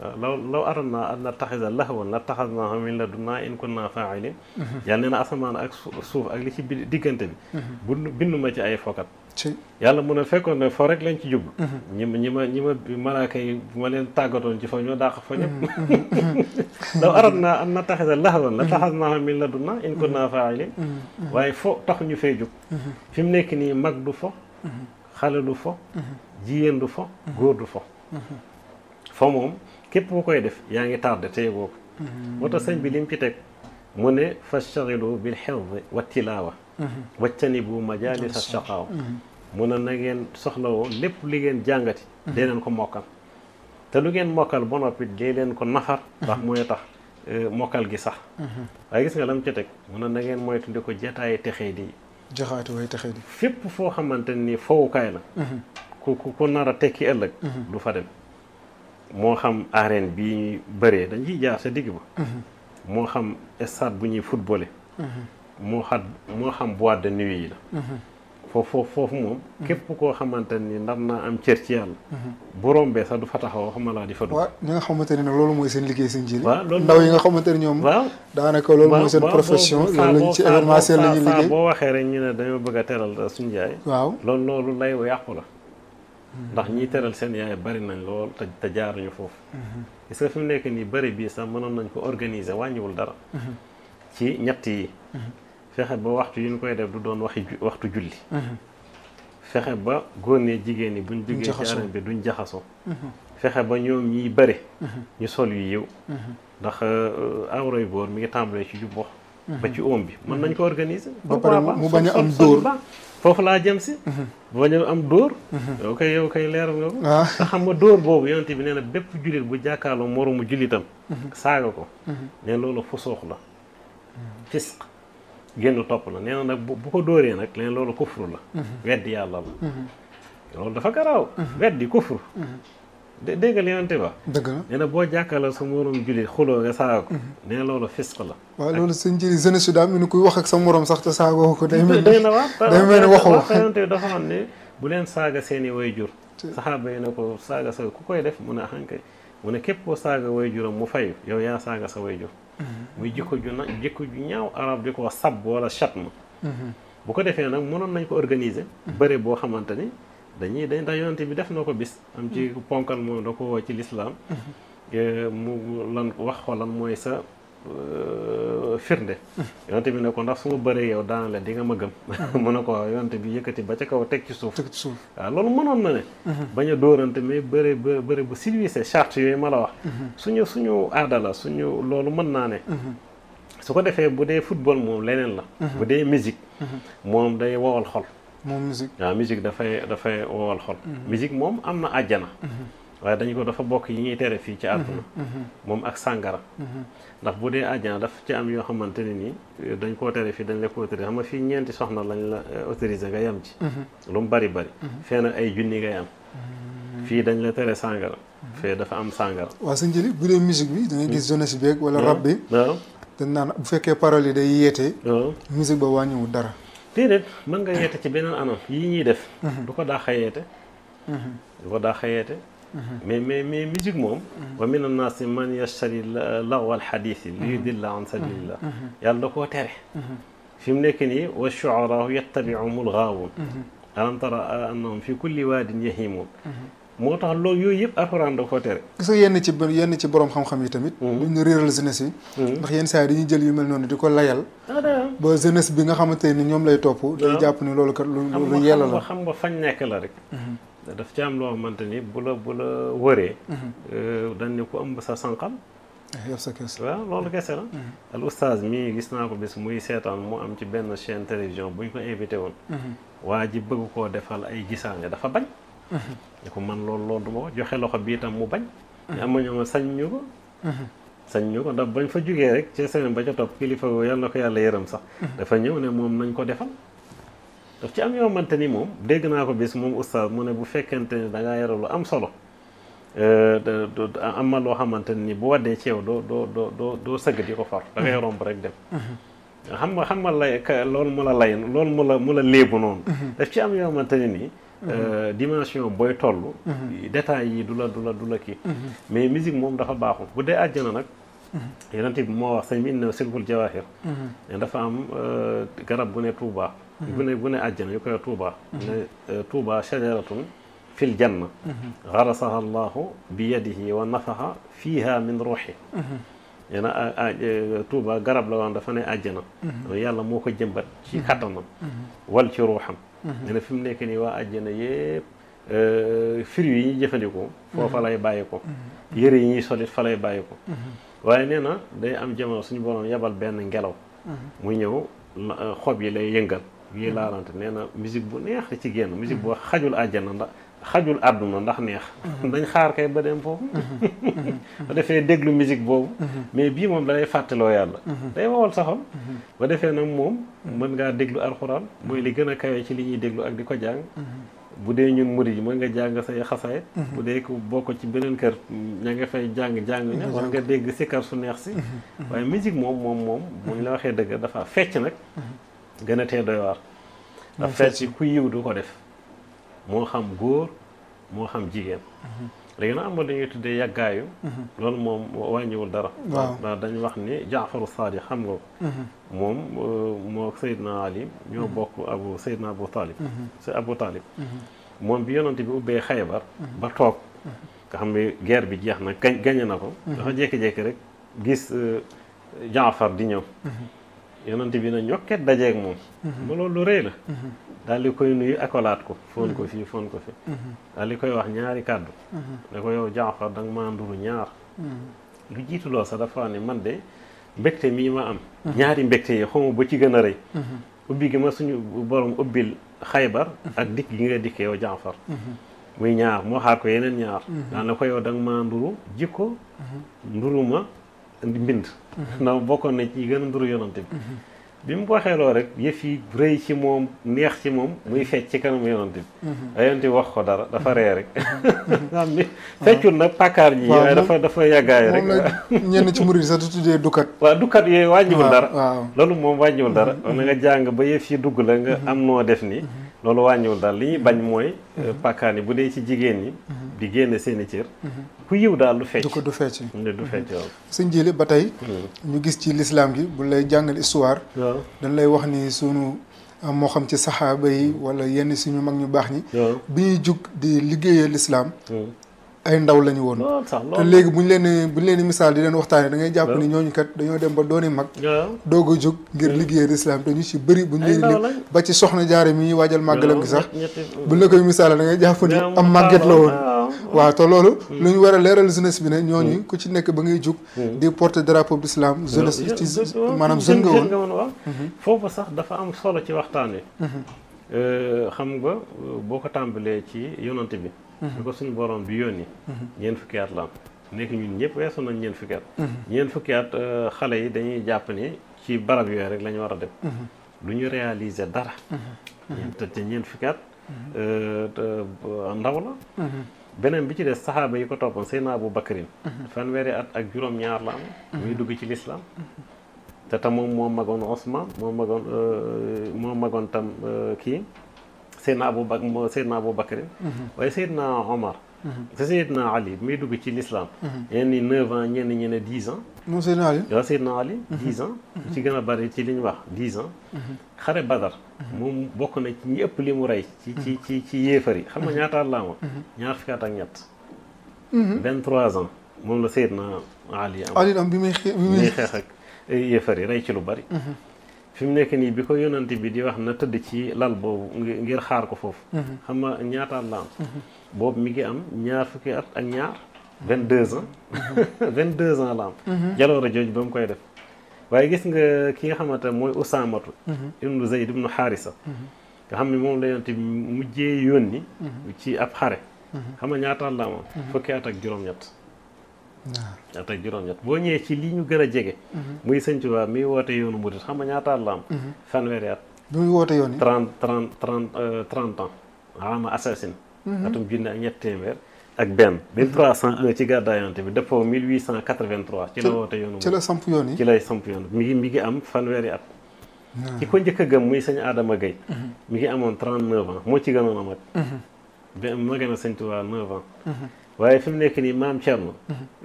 Ah, law law aradna an nattaxisa lahwan lattaxasnaahu min ladunnaa in kunnaa faa'iliin mhm. yàlla nee na asamaan ak suuf ak li ci bi diggante bi mhm. bu bindu ma ci ay fokat yàlla mun a fekkoon ne fo rek lañ ci jublu mhm. ñi ma ñi ma ñi ma malaaka yi bu ma leen tàggatoon ci fa ñoo na fo ñëpp law aradna an nattaxisa lahwan lattaxasnaahu min ladunnaa in kunnaa faa'iliin waaye fo taxu ñu fay jub fi nekk nii mag du fo xale du fo jigéen du fo góor du fo fo moom képp ku koy def yaa ngi tardé tey boo ko mhm. moo tax sëñ bi lim ci teg mu ne fastaghilu bil hifzi wa tilaawa mhm. wajtanibu majaalis ash-shaqaawa mhm. mu ne na ngeen soxlawoo lépp li ngeen jàngati dee leen ko mokkal te lu ngeen mokkal ba noppi dee leen ko nafar ndax mooy tax e, mokkal gi sax waaye gis nga lam ci teg mu ne na ngeen moytundi ko jataayi texee di joxaatu way texee di fépp foo xamante ni fowukaay la ku ku nar a tekki ëllëg du fa dem moo xam arène bi ñuy bëree dañ ciy jaar sa digg ba moo xam stade bu ñuy footballé moo xam moo xam boîte de nuit yi la foofu foofu moom képp koo xamante ni nar naa am cër ci yàlla bu rombee sax du fa taxaw xama laa di fa dugg waaw nga xamante ne loolu mooy seen liggéey seen jili ndaw yi nga xamante ne ñoom waaw daanaka loolu mooy seen profession loolu boo waxee rek ñu ne dañoo bëgg a teral suñu jaay waaw loolu loolu lay yàqu la ndax ñiy teral seen yaay bari nañ lool te te jaaruñu foofu. gis mm-hmm. nga fi mu nekk nii bari bii sax mënoon nañ ko organiser wàññiwul dara. Mm-hmm. ci ñett yi. Mm-hmm. fexe ba waxtu yi ñu koy def du doon waxi waxtu julli. fexe ba góor ne jigéen ñi buñ jógee ci arène bi duñ jaxasoo. fexe ba ñoom ñiy bari. ñu sol yu yiw. ndax euh, awray boor mi ngi tàmbalee ci jubbox. ba ci oom bi mën nañ ko organiser. ba pare mu bañ am dóor foofu laa jëm si. Mhm. boo ñëw am dóor. Mhm. yow kay yow kay leeral nga ko. Ah. te xam nga dóor boobu yonent bi nee na bépp jullit bu jàkkaarloo moromu jullitam. Mhm. saaga ko. nee loolu soox la. fisq génn topp la nee na nag bu ko dóoree nag nee loolu kufru la. weddi yàlla la. loolu dafa garaaw. weddi kufru. dégg nga li ba. dëgg la nee na boo jàkkaarloo sa morom jullit xuloo nga saaga ko. Mhm. nee loolu fisq la. waaw loolu sëñ Jëri jeune Soudan mi ni kuy wax ak sa morom sax te saagoo ko. day mel ni day mel ni waxoo wax bu leen saaga seen i waajur. saxaaba yi ne ko saaga ku koy def mun a xànkay mu ne képp koo saaga waajuram mu fayu yow yaa saaga sa waajur. Mhm. muy jikko ju na jikko ju ñaaw arab di ko wax sab wala chatma. Mhm. bu ko defee nag mënoon nañ ko organiser. bëre boo xamante dañuy dañ ndax yonante bi def na ko bis am ci mm-hmm. ponkal moom da ko woo ci lislaam mm-hmm. eh, mu lan wax ko mooy sa euh, firnde mm-hmm. yonante bi ne ko ndax su ma bëree yow daan di nga ma gëm mu ne ko waaw yonante bi yëkkati ba ca kaw teg ci suuf waaw loolu mënoon na ne bañ a dóorante mais bëre bëre bu civilisé charte yooyu ma la wax suñu suñu aadala suñu loolu mën naa ne su ko defee bu dee football moom leneen la bu dee musique moom day wowal xol moom musique waaw musique dafay dafay wowal xol. Mm-hmm. musique moom am na àjjana. Mm-hmm. waaye dañ ko dafa bokk yi ñuy tere fii ci àdduna. Mm-hmm. moom ak sàngara. ndax bu dee àjjana daf ci am yoo xamante ne nii dañ koo tere fii dañ la ko autorisé xam nga fii ñeenti soxna lañ la euh, autorisé nga yem ci. lu mu bari bari. fee ay junni ngay am. fii dañ la tere sàngara. fee dafa am sàngara. waaw sëñ Jëli bu dee musique bi da ngay gis jeunesse beeg wala rab bi. waaw naan bu fekkee paroles yi day yeete. musique ba wàññiwul dara. déedéet mën nga yeete ci beneen anam yi ñuy def mhm. du ko daa xayeete mhm. du ko daa xayeete mhm. mais mais mais musique moom wa min annaasi man yashtari lagwa alxadiisi li yudilla an sabilillah yàlla da koo tere fi mu nekk nii wa shu'araa'u yattabi'uhumul ghaawuun alam tara annahum fi kulli waadin yahiimuun moo tax loolu yooyu yëpp alxuraan da ko tere. gis nga yenn ci yenn ci borom xam-xam yi tamit. Mm-hmm. duñ ñu réeral jeunesse yi. Mm-hmm. ndax yenn saa yi dañuy jël yu mel noonu di ko layal. Ah, ba jeunesse bi nga xamante ni ñoom lay topp. day ah. jàpp lu lu yella xam nga fañ nekk la rek. Mm-hmm. daf ci am loo xamante ni la bu la wëree. Euh, dañ ne ku ëmb sa sànqal. Eh, sa kese waaw loolu kese la. al oustaz mii gis naa ko bis muy seetaan mu am ci benn chaîne télévision buñ ko invité woon. waa ji bëgg koo defal ay gisaane dafa bañ. ne ko man loolu loolu du ko joxe loxo bi itam mu bañ. am ma ñëw ma sañ ñu ko. sañ ñu ko ndax bañ fa jugee rek ci seen ba ca kilifa yooyu yàlla ko yàlla yërëm sax. dafa ñëw ne moom nañ ko defal. daf ci am yoo ni moom dégg naa ko bis moom oustaz mu ne bu fekkente ne da ngaa yore lu am solo. Euh, am na loo xamante ni bu waddee ci doo doo doo doo doo sëgg di ko rek dem. xam nga xam nga lay lool mu la lay léebu noonu. daf ci am yoo xamante nii. Euh, dimension booy toll. Mhm. détails yi du la du du la mhm. mais musique moom dafa baaxu bu dee àjjana nag. Mhm. yeneen bi moo wax sëñ bi inna silbul jawahir dafa am euh, garab gu ne Touba. gu ne gu ne koy Touba. ne euh, Touba shajaratun fil janna. xarasaha wa nafaxa fiiha min ruuxi. E, garab la woon dafa ne àjjana. yàlla moo ko jëmbat. ci kattanam. wal ruuxam. ne na fi mu nekk nii waa àjjana yëpp euh, fruits yi ñuy jëfandikoo foofa lay bàyyi ko mhm. yëre yi ñuy solit fa lay bàyyi ko mhm. waaye nee na day am jamono suñu borom yebal benn ngelaw mhm. mu ñëw euh, xob yi lay yëngal ñuy laalante nee na musique bu neex ci génn musique boo xajul àjjana ndax xajul àdduna ndax neex mhm. dañ xaar kay ba dem foofu mhm. ba defee déglu musique boobu mhm. mais bii moom dalay fàttaloo yàlla day wowal saxam ba defee nag moom mën ngaa déglu alxuraan mooy li gën a kawe ci li ñuy déglu ak di ko jàng bu dee ñun murid yi mën nga jàng say xasaay bu dee ku bokk ci beneen kër ña nga fay jàng-jàng ña war nga dégg sikar su neex si waaye musique moom moom moom buñ la waxee dëgg dafa fecc nag gën a tee doy waar ndax fecc ku yiw du ko def moo xam góor moo xam jigéen. Mhm. léegi na am na dañuy tuddee yàggaayu. Mhm. loolu moom wàññiwul dara. waaw ndax dañu wax ni Jaafaru Saadi xam nga ko. Mhm. moom euh, moo Seydina Ali ñoo bokk abu Seydina Abu Talib. c' est Abu Talib. moom bi yonante bi ubbee Xaybar. ba toog nga xam ne guerre bi jeex na gañ gañe na ko. dafa jékki-jékki rek gis euh, Jaafar di ñëw. yonent bi na ñokket dajeeg moom moo mhm. loolu lu rëy la mhm. daal di koy nuyu akolaat ko foon ko mhm. fii foon ko fi daal di koy wax ñaari kàddu da ko yow Jaafar da nga maa nduru ñaar lu jiitu lool sax dafa ne man de mbégte mii ma am ñaari mbégte yi xawma bu ci gën a rëy ubbi gi ma suñu borom ubbil xaybar ak dikk gi nga dikk yow Jaafar muy ñaar moo xaar ko yeneen ñaar daal na ko yow da nga maa nduru jikko nduru ma mbind mhm. na bokkoon na ci gën a nduru yonante bi mhm. bi mu ko waxee rek yëf yi rëy ci moom neex ci moom muy mhm. fecc ci kanamu yonante bi ay yonante bi wax ko dara dafa ree rek am ni ah. feccul nag pàkkaar ji dafa dafa yàggaay rek ñenn ci murid sax di tuddee dukat waaw dukat yooyu wàññiwul dara loolu moom wàññiwul dara na nga jàng ba yëf yi dugg la nga am noo def ni loolu wàññiwul daal li ñuy bañ mooy pàkkaar yi bu dee ci jigéen ñi di génne seen cër ku yiw daal du fecc du ko du fecc du fecc waaw mm-hmm. sëñ jili ba tey mm-hmm. ñu gis ci lislaam gi bu lay jàngal histoire dañ lay wax ni sunu ah, moo xam ci saxaaba yi wala yenn suñu mag ñu baax ñi bi ñuy jug di liggéeyee lislaam mm-hmm. ay ndaw lañu woon te léegi bu ñu leen bu ñu leen misaal di leen waxtaanee da ngay jàpp ni ñooñu kat dañoo dem ba dooni mag doo a jóg ngir liggéeyal islam te ñu ci bëri bu ñu leen lim ba ci soxna jaare mi waajal màggalam gi sax bu ñu la koy jàpp ni am màgget la woon waaw te loolu hmm. lu ñu war a leeral jeunesse bi ne ñooñu hmm. ku ci nekk ba ngay jug hmm. di porte drapeau bi islam jeunesse ci maanaam jeune nga woon waaw sax dafa am solo ci waxtaan wi euh, xam nga euh, boo ko tàmbalee ci yonante bi ñu ko suñu borom bi yónni ñeent fukki at la am nekk ñun ñëpp weesu nañ ñeent fukki at ñeent fukki at euh, xale yi dañuy jàpp ni ci barab yooyu rek la ñu war a dem lu ñu réaliser dara ñeent te ñeent fukki at ndaw la beneen bi ci des saxaaba yi ko toppoon Seydina Abu Bakrin mhm. fanweeri at ak juróom-ñaar la am mhm. muy dugg ci lislaam mhm. te tam moom moo magoon Osman moo magoon euh, moo magoon tam euh, kii Seydina Abu Bak Seydina Abu Bakrin waaye Seydina Omar te Seydina Ali muy dugg ci lislaam ñenn ñi ans ñenn ñi ne 10 ans moom Seydina Ali waaw Seydina Ali mhm. dix ans mhm. ci gën a bari ci li ñu wax dix ans mhm. xare Badar moom bokk na ci li mu rey ci ci ci ci yéefar yi xam nga ñaata at la amoon ñaar fukki at ak ñett vingt trois ans moom la Seydina Ali am Ali am bi muy xeex ak yéefar yi rey ci lu bari fi nekk nii bi ko yonent bi di wax na tëdd ci lal boobu ngir xaar ko foofu xam nga ñaata at la am boobu mi ngi am ñaar fukki at ak ñaar 22 ans. 22 mhm. ans la am. Mhm. jaloore jooju ba mu koy def. waaye gis nga ki nga xamante ne mooy Usaamatu. Mhm. ibnu Zayd ibnu Xaarisa. nga xam ne moom la yonent bi mujjee yónni. ci ab xare. xam nga ñaata la amoon. boo ñëwee ci li ñu gën a jege. muy Sëñ Tuubaa mi woote yoonu murit xam nga ñaata la am. fanweeri at. bi muy woote yoon yi. 30 30 30 30 atum junne ak ñett téeméer. ak benn 1301 ci gàddaayante bi dëppoo 1883. ci la woote yoonu ci la samp yoon yi ci lay samp yoon mi ngi mi ngi am fanweeri at. Ah. ki ko njëkk a gëm muy sëñ Adama Gueye. Mhm. mi ngi amoon 39 ans moo ci gënoon a mag. Mhm. ba ma gën a sëñ Tuubaa 9 mhm. waaye fi nekk nii maam Thierno.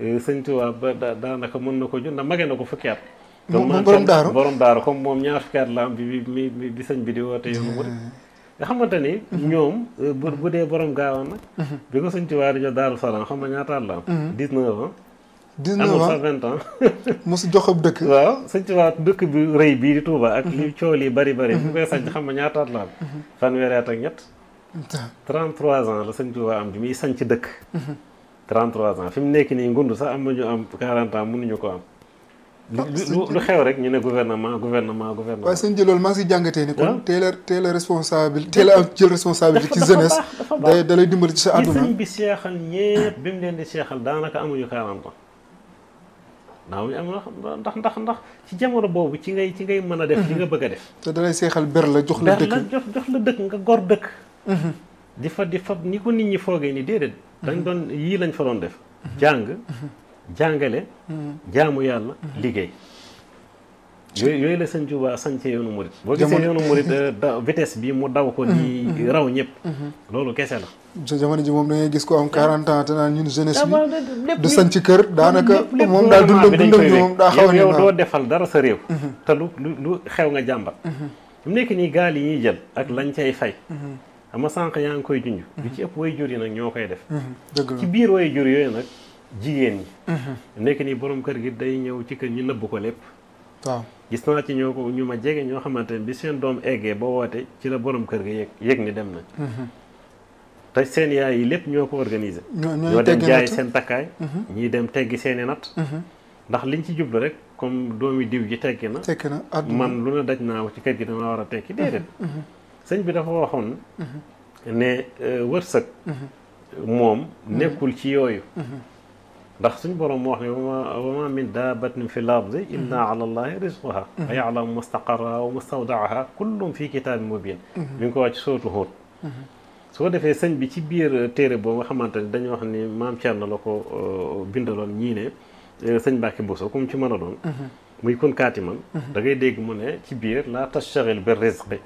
Eh, sëñ Tuubaa ba daanaka mën na ko jur ndax mage ko fukki at. moom borom daaru borom moom ñaar fukki at la am bi bi bi sëñ bi di woote yoonu murit. Eh. nga xamante ni. ñoom euh, bu bu dee borom gaawoon nag. Mhm. bi ko sëñ Tuubaa di jox Daaru Salaam xam nga ñaata at la am. 19 mhm. ans. 19 ans amul sax 20 jox ab dëkk. waaw sëñ Tuubaa dëkk bi rëy bii di Touba ak mhm. li coow lii bari bari. bu koy sànc xam nga ñaata at la am. fanweeri at ak ñett. 33 ans la sëñ Tuubaa am bi muy sànc dëkk. 33 ans fi mu nekk nii ngund sax am na ñu am 40 ans mënuñu ko am. Ah, lu xew rek ñu ne gouvernement gouvernement gouvernement. waaye seen jëlool maa ngi si jàngatee ni kon ah. teel a teel a responsabilité teel a jël responsabilité ci jeunesse. day dalay dimbali ci sa àdduna. sëñ bi seexal ñépp bi mu leen di seexal daa daanaka amuñu 40 ans daaw am ndax ndax ndax ci jamono boobu ci ngay ci ngay mën a def li nga mm-hmm. bëgg a def. te dalay seexal ber la jox la dëkk jox jox la dëkk nga gor dëkk. Mm-hmm. di fa di fa ni ko nit ñi foogee ni déedéet. dañ mm-hmm. doon yii lañ fa doon def. jàng. jàngale. Hmm. jaamu yàlla hmm. liggéey. yooyu yooyu la sëñ Tuubaa sance yoonu murit boo gisee yoonu murit euh, da bi mu daw ko ni hmm. raw ñëpp loolu kese la sa jamono ji moom da gis ko am 40 ans te naan ñun jeunesse bi du sanc kër daanaka moom daal dundam dundam ñi moom daa xaw a yow doo defal dara sa réew te lu lu lu xew nga jàmbat mu nekk nii gaal yi ñuy jël ak lañ cay fay ama sànq yaa ngi koy junj lu ci ëpp way jur yi nag ñoo koy def ci biir way jur yooyu nag jigéen ñi. Mhm. nekk nii borom kër gi day ñëw ci kër ñu nëbb ko lépp. gis naa ci ñoo ko ñu ma jege ñoo xamante ne bi seen doom eggee ba wootee ci la boroom kër gi yéeg yëg ni dem na. Mhm. te seen yaay yi lépp ñoo ko organisé. ñoo dem jaay seen takkaay. Mhm. ñii dem teggi seen i nat. ndax liñ ci jublu rek comme doomi diw ji tekki na. tekki na man lu ne daj naa ci kër gi dama war a tekki déedéet. sëñ bi dafa waxoon. ne euh, wërsëg. moom nekkul ci yooyu. ndax suñu borom moo wax ne wa ma min daabatin fi lardi illa mhm. ala allahi risquha mhm. wa yalamu mustaqarraha wa mustawdaaha kullum fi kitaabin mubin mhm. mi ngi ko wàcc sootu xóot soo defee sëñ bi ci biir téere boobu nga xamante ne dañu wax ni maam Thierno la ko euh, bindaloon ñii ne euh, sëñ Mbacke Bousso comme ci mën a doon muy kon kaatiman da ngay dégg mu ne ci biir laa tashtaghil bi rizqi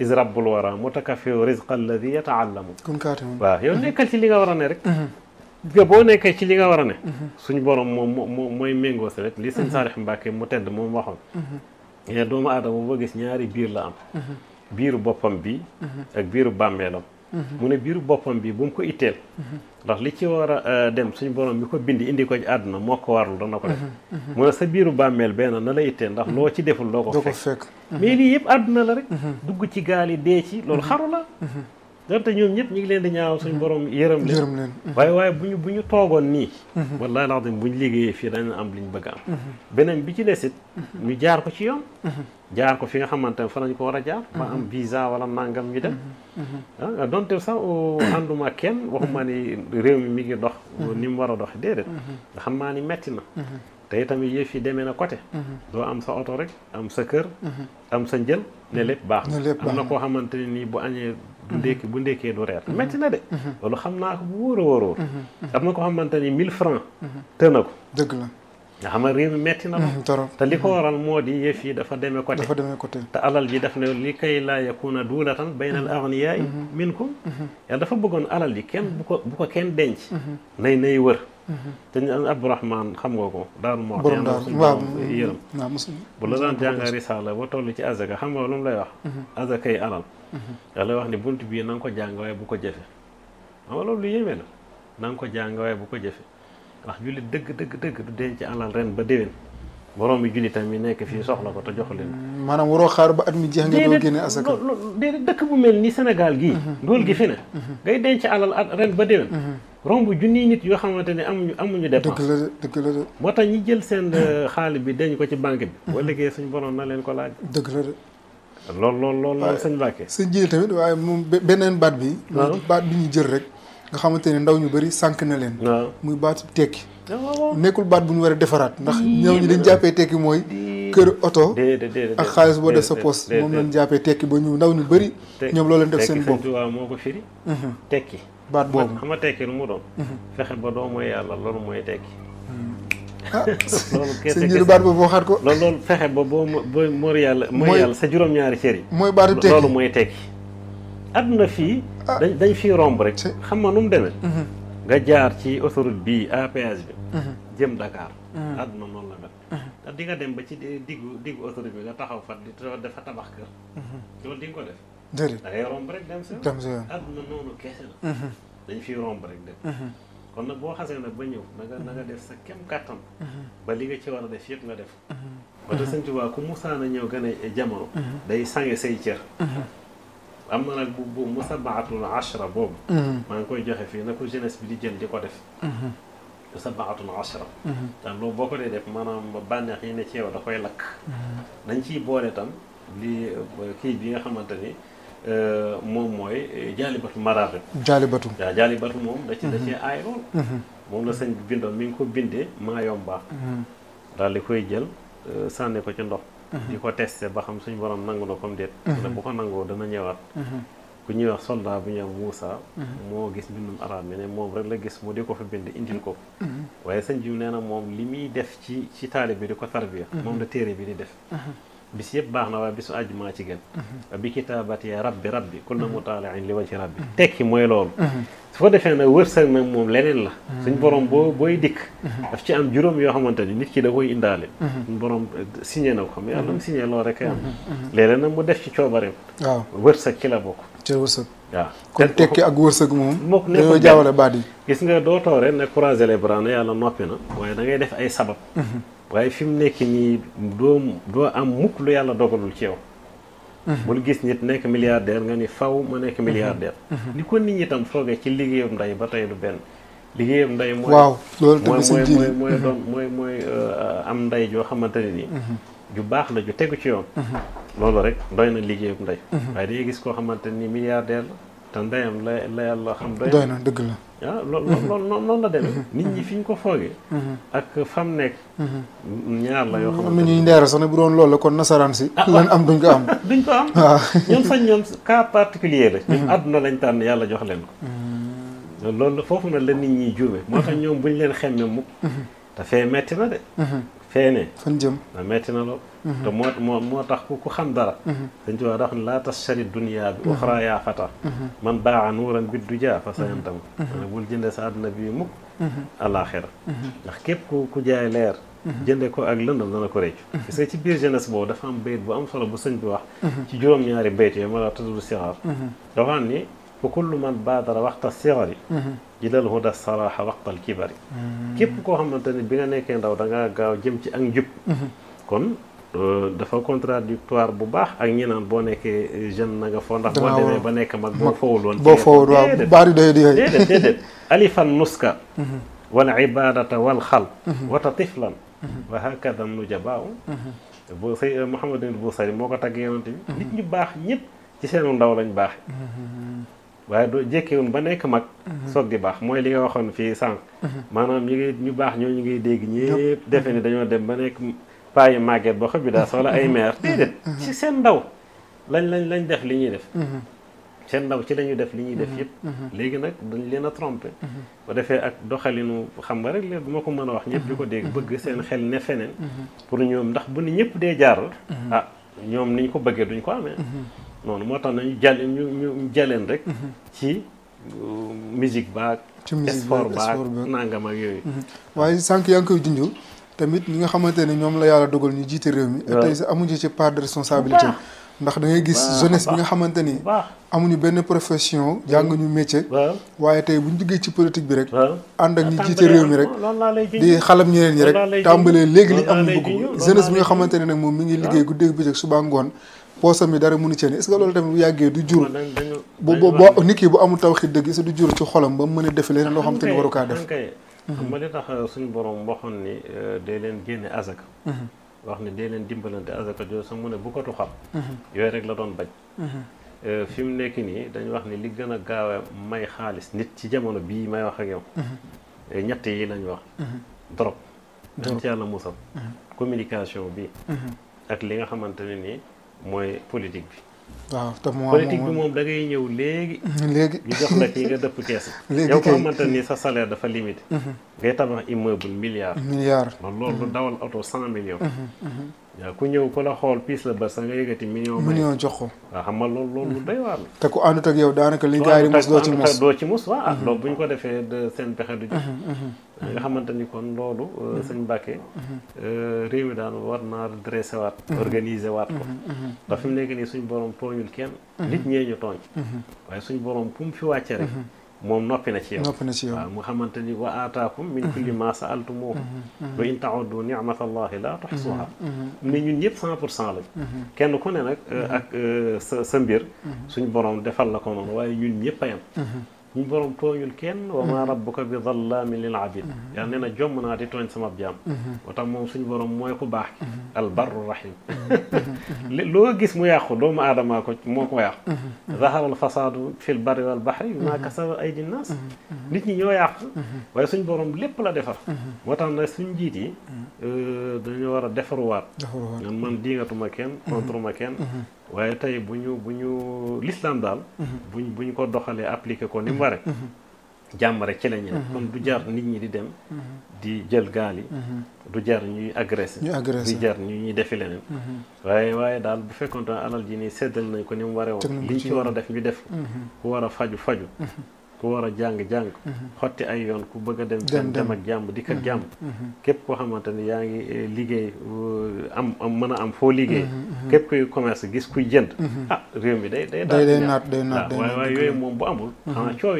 is rabbul wara mutakafiu rizqa alladi yataallamu kon kaatiman waaw yow a ne rek ga boo nekkee ci li nga war a ne suñu borom moom moo mooy méngoo si rek li sëñ Saalix Mbàkke mu tedd moom waxoon mhm. doomu aadama boo gis ñaari biir la am mhm. biiru boppam bi mhm. ak biiru bàmmeelam mu ne biiru boppam bi bu mu ko itteel ndax li ci war a euh, dem suñ borom bi ko bindi indi ko àdduna moo ko warlu dana ko def mu ne sa biiru bàmmeel benn na la itteel ndax loo ci deful loo ko fekk mais lii yëpp àdduna la rek dugg ci gaal yi dee ci loolu xaru donte ñoom ñëpp ñu ngi leen di ñaaw suñu borom yërëm leen leen waaye waaye bu ñu bu ñu toogoon nii mhm. wallahi lax buñ bu ñu liggéeyee fii dañu am li ñu bëgg am mhm. beneen bi ci desit mhm. ñu jaar ko ci yoon jaar ko fi nga xamante ne fa lañ ko war a jaar ba am visa wala nàngam ñu dem ah donte sax oh, ànduma kenn waxuma ni réew mi mi ngi dox ni mu war a dox déedéet nga xam maa ni metti na te itamit yëf yi demee na côté. Mhm. doo am sa oto rek am sa kër. Mhm. am sa njël ne mhm. lépp baax na. am na koo xamante ne nii bu añee. du ndékki bu ndékkee du reer. métti na de. loolu xam naa ko bu wóor a wóor. am na koo xamante ni 1000 francs te na ko dëgg la. nga xam ne réew mi metti na la te li ko waral moo di yëf yi dafa demee côté dafa demee côté te alal ji daf ne li kay laa yakuna duulatan bayna al agniyaa minkum yàlla dafa bëggoon alal ji kenn bu ko bu ko kenn denc nay nay wër te ñu am Abdourahman xam nga ko daal moo borom daal waaw yërëm bu la daan jànga risaala ba toll ci azaka xam nga lu mu lay wax mhm. azaka yi alal mhm. da wax ni bunt bii na nga ko jàng bu ko jëfe xam nga loolu lu ko jàng waaye bu ko jëfe wax jullit dëgg dëgg dëgg du denc alal ren ba déwén borom bi jullit tam yi nekk fii soxla ko te joxu leen mm, maanaam waroo xaar ba at mi jeex nga doo génne asaka déedéet dëkk bu mel ni Sénégal gii mhm. ndóol gi fi ne ngay denc alal ren ba déwén romb junniy nit yoo xamante ne amuñu amuñu dépense dëgg la de dëgg la de moo tax ñi jël seen euh, xaalis bi denc ko ci banque bi boo mm-hmm. liggéey suñu borom na leen ko laaj dëgg la de lool lool lool lool sëñ Mbacke sëñ Jili tamit waaye moom beneen baat bi baat bi ñu jël rek nga xamante ne ndaw ñu bëri sànq na leen muy baat tekki ah, nekkul baat bu ñu war a defaraat ndax ñëw ñi dañ jàppee tekki mooy kër oto ak xaalis boo def sa poste moom lañ jàppee tekki ba ñu ndaw ñu bëri ñoom loolu leen def seen bopp moo ko firi mm-hmm. tekki baat boobu xam nga tekki lu mu doon. Mhm. fexe ba doo mooy yàlla loolu mooy tekki. Hmm. ah sëñ ko. loolu fexe ba boo boo mooy yàlla. mooy sa juróom-ñaari cër yi. mooy baatu tekki mooy tekki. àdduna fii. Ah. dañ dañ fii romb rek. xam nga nu mu demee. Mhm. nga jaar ci autoroute bi APS mhm. bi. jëm Dakar. àdduna noonu la mel. te di nga dem ba ci diggu diggu autoroute bi nga taxaw fa di dafa tabax kër. loolu di ko def. déedéet da ngay romb rek dem sa. dem sa àdduna noonu kese la. dañ fiy romb rek dem. kon nag boo xasee nag ba ñëw na nga na nga def sa kem kàttan. ba li nga ci war a def yëpp nga def. ba te sëñ Tuubaa ku musaana ñëw gën a jamono. day sange say cër. am na nag bu bu musabaatul ashra boobu. maa ngi koy joxe fii na ko jeunesse bi di jël di ko def. musabaatul ashra. ndax loolu boo ko dee def maanaam bànneex yi ne ci da koy lakk. dañ ciy boole tam li eh, kii bi nga xamante Euh, moom mooy euh, jaalibatu maraaxib jaalibatu waaw jaalibatu moom da ci da cee mhm. aay lool mhm. moom la sëñ bi bindoon mi ngi ko bindee maa yombaax mhm. daal di koy jël euh, sànni ko ci ndox di ko testé ba xam suñu borom nangu na comme déet ne bu ko nangoo dana ñëwaat ku ñuy wax soldat bu ñuy wax Moussa moo gis mbindum arab mi ne moom rek la gis mu di ko fa bind indil ko waaye sëñ bi nee na moom li muy def ci ci taali bi di ko tarbiya moom la téere bi di def bis yëpp baax na waaye bisu àjjuma ci gën mhm. bi kitaabati rabbi rabbi kul na mhm. mutaaliin li wajhi rabbi mhm. tekki mooy loolu su ko defee nag wërsëg nag la suñ borom boo booy dikk daf ci am juróom yoo xamante ni nit ki da koy indaale suñ borom eh, signé na ko xam yàlla mu signé loolu rek am léeg-léeg nag mu def ci coobareem waaw wërsëg ci la bokk ci wërsëg waaw kon tekki ak wërsëg moom mook dañoo jaawale baat yi gis nga doo toore ne croiser les bras ne yàlla noppi na waaye da def ay sabab waaye fi mu nekk nii doo doo am mukk lu yàlla dogalul ci yow. Mhm. bul gis nit nekk milliardaire nga ni faw ma nekk mhm. milliardaire. Mhm. ni ko nit ñi tam foogee ci liggéeyam ndey ba tey du benn. liggéeyam ndey mooy waaw loolu tamit mooy mooy mooy euh, am ndey joo xamante ne nii. ju baax la ju tegu ci yoon. loolu rek doy na liggéeyam ndey. waaye dañuy gis koo xamante ni milliardaire la. te ndeyam la la yàlla xam doy na dëgg la ah loolu noonu la demee nit ñi fi ñu ko foogee mhm. fam nekk mhm. ñaar la yoo mm-hmm. xam am na ñuy ndeera sax la kon nasaraan si ah, lan ah. am duñ ko am duñ ko am waaw ñoom sax ñoom cas particulier la ñoom mhm. àdduna lañ tànn yàlla jox leen ko loolu foofu na la nit ñi juube moo tax ñoom buñ leen xemme mukk te metti na de feeñee fan jëm ah, metti na lool mhm. te moo moo tax ku xam dara mhm. dañ ci wax dax ne laa tashari dunia bi oxra mhm. man baa nuuran bi du jaa fa sayantam ne bul jënde sa àdduna bi mukk àllaaxira ndax képp ku ku jaay leer jënde ko ak lëndam dana ko réccu parce que ci biir jeunesse boobu dafa am bayit bu am solo bu sëñ bi wax ci juróom-ñaari bayit yooyu ma la tudd sixaar dafa am ni fa kullu man baadara waxta sigari jilal huda saraaxa waxtal kibari képp koo xamante ni bi nga nekkee ndaw da nga gaaw jëm ci ak njub kon dafa contradictoire bu baax ak ñi naan boo nekkee jeune na nga foo ndax boo demee ba nekk mag boo fowul woon boo fowul waaw baari day di xëy déedéet déedéet alifan nuska wal ibadata wal xal wata tiflan wa hakada nujabaaw bu say Mouhamadou Bousari moo ko taggee yonante bi nit ñu baax ñëpp ci seenu ndaw lañ baax waaye doo jékkiwun ba nekk mag mhm. soog di baax mooy li nga waxoon fii sànq mhm. maanaam ñu ngi ñu baax ñoo ñu ngi dégg ñëpp defe ni mhm. dañoo dem ba nekk payi màgget ba xob bi daas wala ay maire déedéet ci seen ndaw lañ lañ lañ def li ñuy def seen ndaw ci la def li ñuy def yëpp léegi nag dañ leen a trompé ba defee ak doxalinu xam nga rek leen bu ma ko mën a wax ñëpp di ko dégg bëgg seen xel ne feneen pour ñoom ndax bu ni ñëpp dee jaar ah ñoom niñ ko bëggee duñ ko amee noonu moo tax nañu jël ñu rek mhm. euh, ci musique baag ci musique sport baag nangam ak yooyu mhm. waaye sànq yaa ngi koy junj tamit ñi nga xamante ne ñoom la yàlla dogal ñu jiite réew mi tey si amuñu ci part de responsabilité ndax da ngay gis jeunesse bi nga xamante ni amuñu benn profession mhm. jàng ñu métier waaye tey bu ñu duggee ci politique bi rek ànd ak ñu jiite réew mi rek di xalam ñeneen ñi rek tàmbalee léegi li am bëgg jeunesse bi nga xamante ne nag moom mi ngi liggéey guddeeg bëccëg suba ngoon poosam yi dara mënu cee ne est ce que loolu tamit bu yàggee du jur bu bo nit ki bu amul taw xit dëgg est ce que du jur ci xolam ba mu mën a def leneen loo xam te ni ah, waru kaa def xam mhm. nga li euh, euh, mhm. ni day leen dimbalante azaka jooju sax mu ne bu mhm. yooyu rek la doon bañ euh, fi mu nekk nii dañu wax ni li gën a gaaw a may xaalis nit ci jamono bii may wax ak yow ñett yi lañ wax drop dañ ci yàlla musal communication bi ak li nga xamante ne nii mooy politique bi. waaw te moom politique bi moom da ñëw léegi. léegi ñu jox la kii nga dëpp kees. léegi yow ko xamante ni sa salaire dafa limité. Mhm. ngay tabax immeuble milliard. milliard loolu lu mhm. dawal oto cent millions. Mhm. yaa ku ñëw ku la xool piis la ba sa nga yëgati million. million jox ko waaw ah, xam nga loolu loolu doy waar la. te ku àndut ak yow daanaka li gars yi di doo ci mus doo ci loolu mhm. bu ñu ko defee de seen pexe du jox. Mhm, mhm, ah, nga xamante ni kon loolu. Euh, sëñ Mbacke. Euh, réew mi daal war naa dressé waat. organiser waat ko. ndax fi mu nekk nii suñu borom tooñul kenn. nit ñee ñu tooñ. waaye suñu borom fu mu fi wàcce moom noppi na ci yow noppi na ci yow waaw mu xamante ni wa aataakum min kulli ma saaltumuhu mm-hmm, mm-hmm. wa in taoddu nicmatallahi la tuxsuha mm-hmm, ne ñun ñëpp cent pour cent lañ kenn ku ne nag ak euh, sa sa mbir suñ borom defal la ko noonu waaye ñun ñëpp a yam ñu borom tooñul kenn wa ma mhm. rabbuka bi zallaamin lil abid mhm. yàlla nee na jomm naa di tooñ sama jaam mhm. moo tax moom suñu borom mooy ku baax ki albarru rahim loo gis mu yàqu doomu aadamaa ko moo ko yàqu zahara al fasaadu fi l barri wal bahri bimaa kasabat aydi nnaas nit ñi ñoo yàqu waaye suñ borom lépp la defar moo tax nag suñ jiit yi euh, dañoo war a defaruwaat man diingatuma kenn contre kenn waaye tey bu ñu bu ñu l'islam daal. Mhm. bu ñu ko doxalee appliqué ko ni mu mhm. waree. Mhm. jàmm rek ci la ñu kon du jar nit ñi di dem. di jël gaal yi. du jar ñuy agressé. ñuy agressé du jar ñu ñuy defi leneen. waaye waaye daal bu fekkoon alal ji nii seddal nañ ko ni mu waree woon. liñ ci war a def ñu def. ku war a faju faju. ku war a jàng-jàng mhm. xotti ay yoon ku bëgg a dem dem dem ak jàmm di ka mhm. jàmm mhm. képp koo xamante ni yaa ngi eh, liggéey eh, am am mën a am foo liggéey képp kuy commerce gis kuy jënd ah réew day day waaye waaye yooyu moom bu amul xanaa coow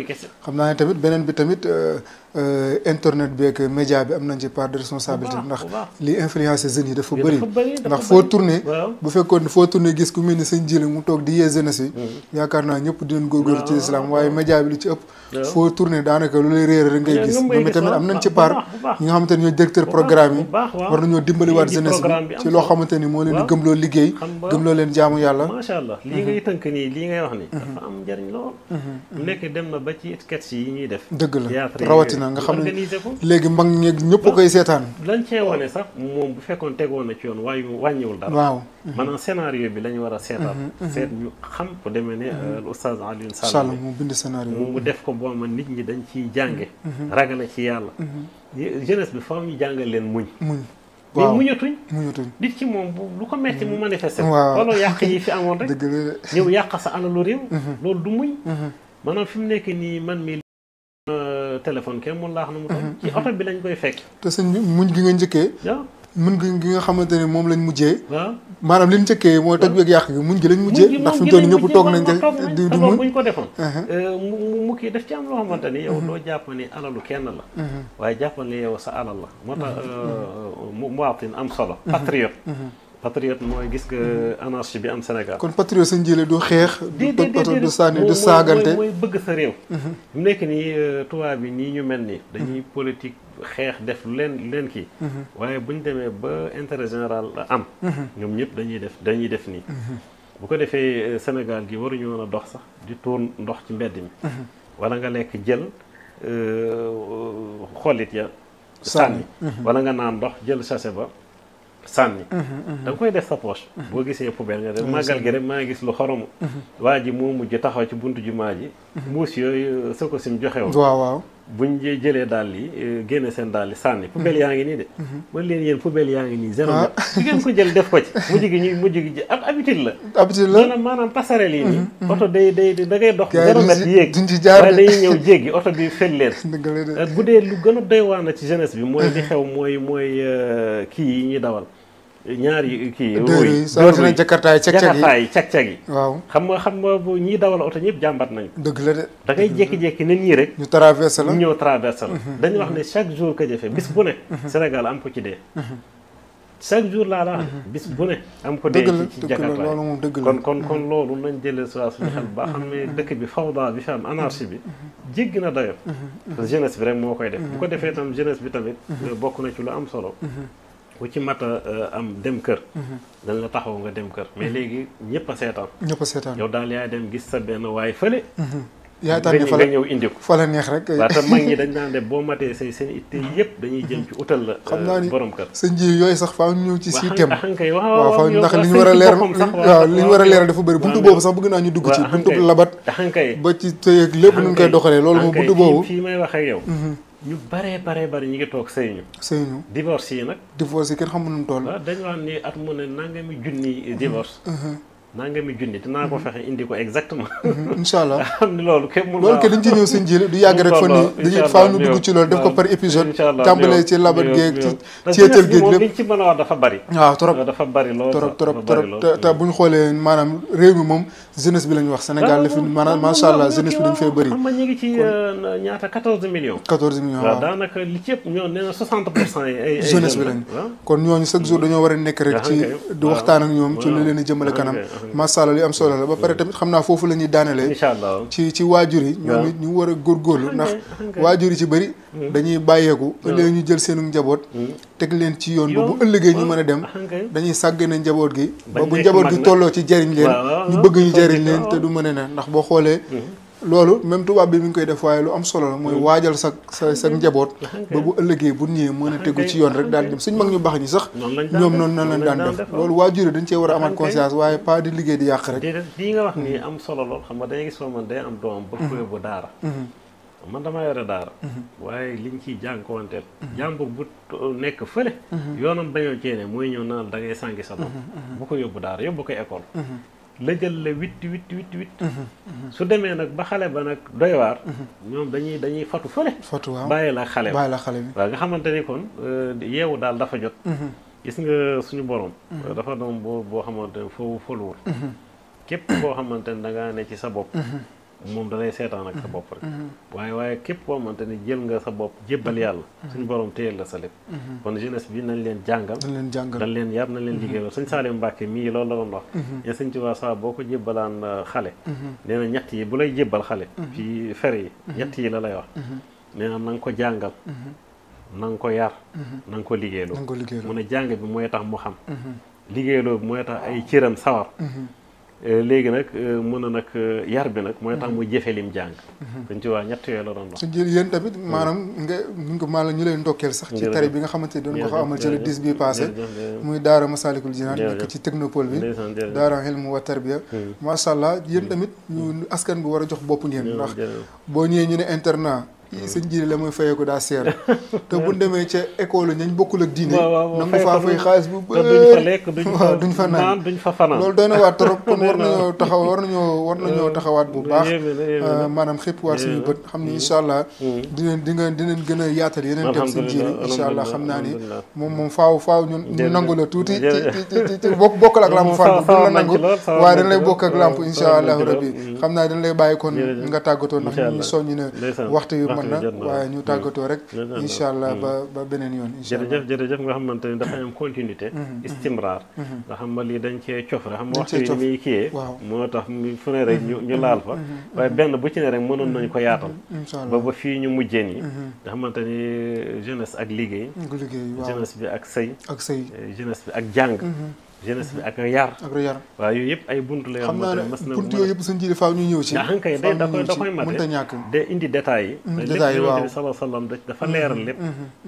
xam ne tamit beneen bi tamit euh, Euh, internet bi ak média bi am nañ ci part de responsabilité ndax li influencé jeunes yi dafa bëri ndax foo tourné bu fekkoon foo tourné gis ku mel ni sëñ Jili mu toog di yee jeunesse yi hmm. yaakaar naa ñëpp dinañ góorgóorlu ci islam waaye média bi lu ci ëpp foo tourné daanaka lu lay réer rek ngay gis ñoom tamit am nañ ci part ñi nga xamante ni ñooy directeur programme yi war nañoo dimbali waat jeunesse bi ci loo xamante ni moo leen di gëmloo liggéey gëmloo leen jaamu yàlla macha allah lii mhm. ngay tënk nii lii ngay wax ni mhm. dafa am njëriñ mhm. dem na ba ci sketch yi ñuy la na nga xam ne léegi mag ñeeg ñëpp koy seetaan lañ cee wane sax moom bu fekkoon tegoon na ci yoon waaye wàññiwul dara waaw maanaam scénario bi la ñu war a seetaan mhm, mhm. seet ñu xam ku demee ne mhm. euh, oustaz Alioune Sall mu bind scénario mu def ko boo ma nit ñi dañ ciy jànge ragale ci yàlla jeunesse bi faaw ñu jàngal leen muñ muñ waaw mais muñatuñ. muñatuñ nit ci moom lu ko metti mu manifesté. waaw loolu yàq yi fi amoon rek. dëgg la ñëw yàq sa alalu réew. loolu du muñ. maanaam fi mu nekk nii man Euh, téléphone kenn mun laax na mu doon. Mhm, ci mhm. oto bi lañ koy fekk. te sëñ bi muñ gi nga njëkkee. muñ gi nga xamante ne moom lañ mujjee. waaw maanaam li ñu njëkkee moo toj beeg yàq gi muñ gi lañ mujjee. ndax fi mu toll nii ñëpp toog nañ te du muñ buñ ko defoon. Mhm. Euh, mu mu kii daf ci am loo xamante ni yow doo jàpp ni alalu kenn la. waaye jàpp ni yow sa alal la. moo tax euh, mu waatin am solo. patriote. patriote mooy gis nga anarchie bi am Sénégal. kon patriote sa njële du xeex. du pël du sànni du saagante mooy bëgg sa réew. Mhm. mu nekk nii euh, tubaab bi nii ñu mel nii. dañuy mhm. politique xeex def leen leen kii. Mhm. waaye bu ñu demee ba intérêt général am. ñoom ñëpp dañuy def dañuy def nii. bu ko defee euh, Sénégal gi waruñu woon a dox sax di tuur ndox ci mbedd mi. wala nga lekk jël euh, xolit ya. sànni wala nga naan ndox jël sase ba. sànni mhm, mhm. da koy def sa poche mhm. boo gisee poubelle nga def màggal gi rek maa gis lu xoromu waa ji moo mujj taxaw ci buntu jumaa ji mbuus yooyu euh, sa ko sim joxe woon waaw waaw bu buñ jëlee daal yi euh, génne seen daal yi sànni mhm. poubelle yaa ngi nii de mhm. man leen yéen poubelle yaa ngi nii zéro di ah. ngeen ko jël def ko ci mujj gi ñuy mujj gi ab habitude la habitude la maanaam maanaam passerelle yi nii mhm, oto day day da ngay dox zéro ñu yéeg waaye dañuy ñëw jéggi oto bi fel leen euh, bu dee lu gën a doy waar na ci jeunesse bi mooy li xew mooy mooy euh, kii yi ñuy dawal ñaari kii. sa yi rawatina jakartaay cag-cag yi jakartaay cag-cag yi. waaw xam nga xam nga bu ñii dawal oto ñëpp jàmbat nañ dëgg la de. da ngay jékki-jékki nit ñi rek. ñu traversé la ñu ñëw traversé mhm. dañu wax ne chaque jour que jafe bis bu ne. Mhm. Mhm. Sénégal am ko ci dee. chaque jour laa la bis bu ne. am ko dee ci ci jakartaay kon kon kon loolu lañ jëlee saa suñu xel ba xam ne dëkk bi fawda bi fi am anarchie bi. jéggi na dayo jeunesse bi rek moo koy def. bu ko defee tam bi tamit. bokk na ci lu am solo. ku mat a euh, dem kër. Mhm. dañ la taxaw nga dem kër. mais mhm. léegi ñëpp a seetaan. ñëpp a seetaan yow daal yaay gis sa benn waay fële. Mhm. yaa tànn fa la ñëw la neex rek. waaw te mag ñi dañ naan de boo matee say seen itte yëpp dañuy jëm ci utal la. xam euh, naa ni sa nji yooyu sax faaw ñu ñëw ci si thème. waaw faaw ndax li ñu war a leer waaw li ñu war a leeral dafa bëri buntu boobu sax bëgg naa ñu dugg ci buntu labat. ba ci tey lépp nu ñu koy doxalee loolu moom buntu boobu fii wax ak yow ñu baree baree bari ñu ngi toog sëy ñu. sëy ñu divorce yi nag. divorce yi kenn xamul nu mu toll. waaw dañu wax ni at mu ne nangami junni divorce. naa nga mi junni dinaa ko fexe indi ko exactement. Mhm, incha allah xam ni loolu képp mun loolu ke dañ ci ñëw seen ji du yàgg rek. fan yii dañuy faaw ñu dugg ci loolu def ko par épisode. incha allah tàmbalee ci labat geeg ci ceetal geeg lépp. ci mën a wax dafa bari. waaw trop dafa bari lool trop trop trop te bu ñu xoolee maanaam réew mi moom jeunesse bi la ñu wax Sénégal la fi maanaam macha allah jeunesse bi dañu fee bëri. xam nga ñu ngi ci euh, ñaata 14 millions. 14 millions waaw daanaka li ci yëpp ñoo nee na 60 pour cent ay jeunesse bi lañ kon ñooñu chaque jour dañoo war a nekk rek ah, ci di waxtaan ak ñoom ci lu leen di jëmale kanam ah, maasàlla li am solo la ba pare tamit xam naa foofu la ñuy daanelee incha allah ci ci waajur yi ñoom ñu war a góor góorgóorlu ndax waajur yi ci bëri mm. dañuy bàyyeeku ëllëg ñu jël seenu njaboot mm. teg leen ci yoon ba bu ëllëgee ñu mën a dem dañuy sàggane njaboot gi ba bu njaboot gi tolloo ci jariñ leen ñu bëgg ñu jariñ leen te du mën a ne ndax boo xoolee mm. loolu même tubaab bi mi ngi koy def waaye lu am solo la mooy mm. waajal sa sa sa mm. njaboot ba bu ëllëgee bu ñëwee mën a tegu ci yoon rek daal dem suñ mag ñu baax ñi sax ñoom noonu nan lañ daan def loolu a amaat conscience waaye pas di liggéey di yàq rek lii nga wax nii mm. am solo lool xam nga dañuy gis man day am doom ba fure bu daara mm-hmm. man damaa yore daara mm-hmm. waaye liñ ciy jànkuwanteel mm-hmm. jàmbur bu nekk fële yoonam bañoo ceene mooy ñëw naan da ngay sàngi sa doom bu ko yóbbu daara yóbbu ko école la jël le huit huit huit mhm. Mhm. su demee nag ba xale ba nag doy waar mhm. ñoom dañuy dañuy fatu fële fatu waaw bàyyi la xale bàyyi la xale bi waaw nga xamante ni kon euh, yeewu daal dafa jot gis nga suñu borom dafa doom boo boo xamante ne foofu fëluwul képp koo xamante ne da ne ci sa bopp moom da lay seetaan ak sa bopp rek mhm. waaye waaye képp koo xamante ni jël nga sa bopp jébbal yàlla mhm. suñu borom téyel la sa lépp mhm. kon jeunesse bi nañ leen jàngal dañ leen yar nañ leen liggéeyal suñ Saalim Mbàkke mii loolu la doon wax ne suñ ci waa saa boo ko jébbalaan euh, xale nee na ñett yi bu lay jébbal xale ci fer yi ñett yi la lay wax nee na na nga ko jàngal na ko yar na nga ko liggéeyloo mu ne jàng bi mooy tax mu xam liggéeyloo Euh, léegi nag euh, mën na nag euh, yar bi nag mooy tax mhm. mu jëfe lim jàng dañ ci waa ñett yooyu la doon yéen tamit maanaam nga ñu ko maanaam ñu leen ndokkeel sax ci tari bi nga xamante ne doon nga ko amal ci le 10 bi passé muy daara Masalikul Jinaan ci technopole bi daara Hilm wa Tarbiya hmm. macha allah yéen hmm. tamit ñu hmm. askan bi war a jox bopp ngeen ndax boo ñëwee ñu ne internat i sëñ jiile la muy fayeeku daa seer te bu demee ca école ñañ bokkul ak diine nangu faa fay xaalis bu bëri duñ fa lekk duñ fa naan duñ fa fanaan loolu doy na waat trop kon war nañoo taxaw war nañoo war nañoo taxawaat bu baax euh, maanaam waa si suñu bët xam ni mm-hmm. incha allah mm-hmm. dinañ di nga dinañ gën a yaatal yeneen dem sëñ jiile incha allah xam naa ni moom moom faaw faaw ñun ñu nangu la tuuti ci ci bokk bokkal ak lamp fànn duñ la nangu waaye dañ lay bokk ak lamp incha allah rabbi xam naa dañ lay nga tàggatoo ndax ñu jeexoon na ñu tàggatoo rek incha allah ba hmm. ba beneen yoon incha allah jërëjëf jërëjëf nga xamante ni dafa am continuité hmm, hmm, istimrar nga xam ma lii dañ cee cof rek xam nga waxtu yi muy kiyee moo tax mu fu ne rek ñu laal fa waaye benn bu ci ne rek mënoon nañu ko yaatal ba ba fii ñu mujjeen yi nga xamante ni jeunesse ak liggéey jeunesse bi ak sëy ak sëy eh, jeunesse bi ak jàng jeunesse bi ak yar ak yar waaw yooyu yëpp ay buntu la yoo xam naa ne buntu yooyu yëpp suñ jili faaw ñu ñëw ci yaa kay day da koy da koy mate mënta ñàkk day indi détails yi mm, détails yi waaw mm-hmm. lépp sallallahu mm-hmm. alayhi wa sallam dafa leeral lépp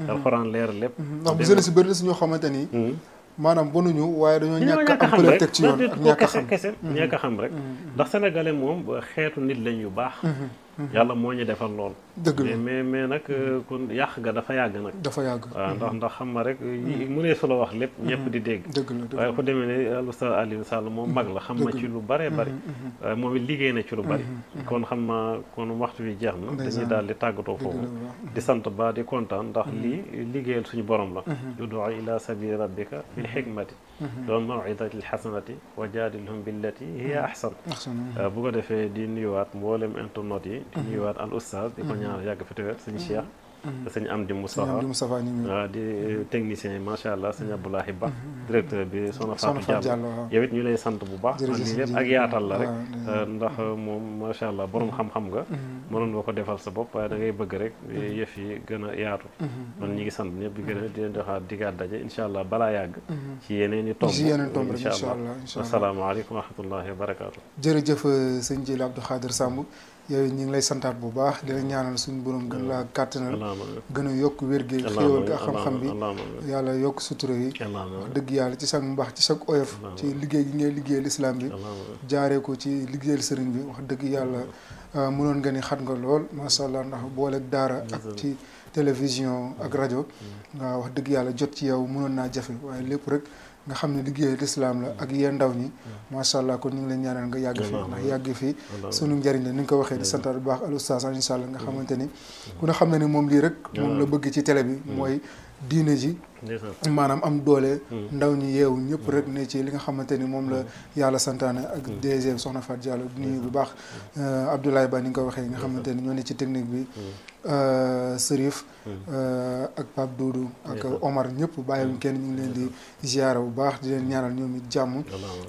alxuraan leeral lépp ndax bu jeunesse bi bëri na si ñoo xamante ni mm-hmm. maanaam bonuñu waaye dañoo ñàkk am peut teg ci yoon ak ñàkk a xam kese ñàkk a xam rek ndax sénégalais moom xeetu nit lañ yu baax yàlla moo ñu defal lool dëgg mais mais nag mm-hmm. euh, kon yàq ga dafa yàgg nag. dafa yàgg waaw ndax mm-hmm. ndax xam ma rek mm-hmm. mu ne solo wax lépp. ñëpp di dégg. dëgg la waaye ku demee ne euh, Oustaz Alioune Sall moom mag la xam na ci lu bare bari. moom liggéey na ci lu bari. kon xam ma kon waxtu wi jeex na. dañuy daal di tàggatoo foofu. di sant ba di kontaan ndax lii liggéeyal suñu borom la. ud'u ila sabili rabbika bil hikmati. doon mawidati lxasanati wa jaadilhum billati hiya ahsan euh, bu ko defee di nuyuwaat mboolem internet yi. di nuyuwaat al ñaanal mm. yàgg fi te wér sëñ mm. Cheikh. Mm. sëñ Amdi Moustapha waaw ah, di technicien yi macha allah sëñ Abdoulahi Ba mm-hmm. directeur bi Soxna Fatou Diallo yow it ñu lay sant bu baax lii ak yaatal la rek ah, ah, ndax euh, moom macha allah borom xam-xam nga mm-hmm. mënoon nga ko defal sa bopp waaye da ngay bëgg rek mm-hmm. yëf yi gën a yaatu man ñi ngi sant ñëpp di gën a di leen doxaat digaat daje incha allah balaa yàgg ci yeneen i tomb incha allah asalaamaaleykum wa rahmatullahi wa barakaatu jërëjëf euh, sëñ Jëli Abdou Khadir Samb yooyu ñu ngi lay santaat bu baax di la ñaanal suñu borom gën laa kàttanal gën a yokk wér-gi xéewal gi ak xam-xam bi yàlla yokk sutura yi wax dëgg yàlla ci sag mbaax ci sag oyof ci liggéey gi ngay liggéeyal islam bi jaaree ko ci liggéeyal sëriñ bi wax dëgg yàlla mënoon ah, nga ni xat nga lool macha allah ndax boole daara ak ci télévision ak rajo mm. wax dëgg yàlla jot ci yow mënoon naa jafe waaye lépp rek nga xam ne liggéey lislaam la ak yéen ndaw ñi macha allah kon ñu ngi leen ñaanal nga yàgg fii ndax yàgg fii sunu njëriñ la ni nga ko waxee di santaat bu baax al oustaz incha allah nga xamante ni ku ne xam ne ne moom lii rek moom la bëgg ci tele bi mooy diine ji maanaam am doole. Hmm. ndaw ñi yeewu ñëpp hmm. rek ne ci li nga xamante ni moom la hmm. yàlla santaane ak DG Soxna Fatou Diallo di nuyu bu baax euh, Abdoulaye Ba ni nga ko waxee nga xamante ni ñoo ne ci technique bi. Euh, Serif euh, ak Pape Doudou ak Omar ñëpp bàyyiwuñ kenn ñu ngi leen di ziara bu baax di leen ñaanal ñoom jàmm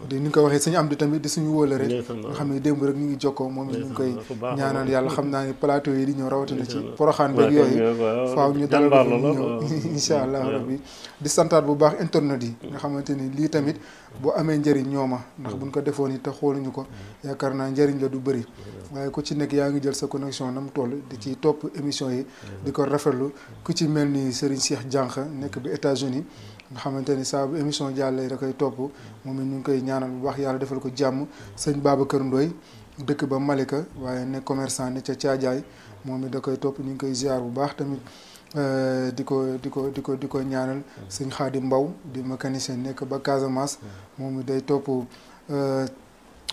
di ni nga ko waxee suñu am di tamit di suñu wóolare nga xam ne démb rek ñu ngi jokkoo moom ñu ngi koy ñaanal yàlla xam naa ni plateau yi di ñëw rawatina ci poroxaan beeg yooyu faaw ñu dalal ñu ñëw incha allah rabbi di santaat bu baax internet yi nga xamante ni lii tamit boo amee njëriñ ñooma ndax bu buñ ko defoon it te xooluñu ko yaakaar naa njëriñ la du bëri waaye ko ci nekk yaa ngi jël sa connexion nam toll di ci topp émission yi di ko rafetlu ku ci mel ni Serigne Cheikh jànq nekk bi États-Unis nga xamante ni saa émission jàllee da koy topp moom it ñu ngi koy ñaanal bu baax yàlla defal ko jàmm sëñ kër Ndoye dëkk ba Malika waaye nekk commerçant ne ca Caajaay moom it da koy topp ñu ngi koy ziar bu baax tamit Euh, di ko di ko di ko di ko ñaanal mm. sëñ Xaadim Mbaw di mécanicien nekk ba Casamance mm. moom day topp euh,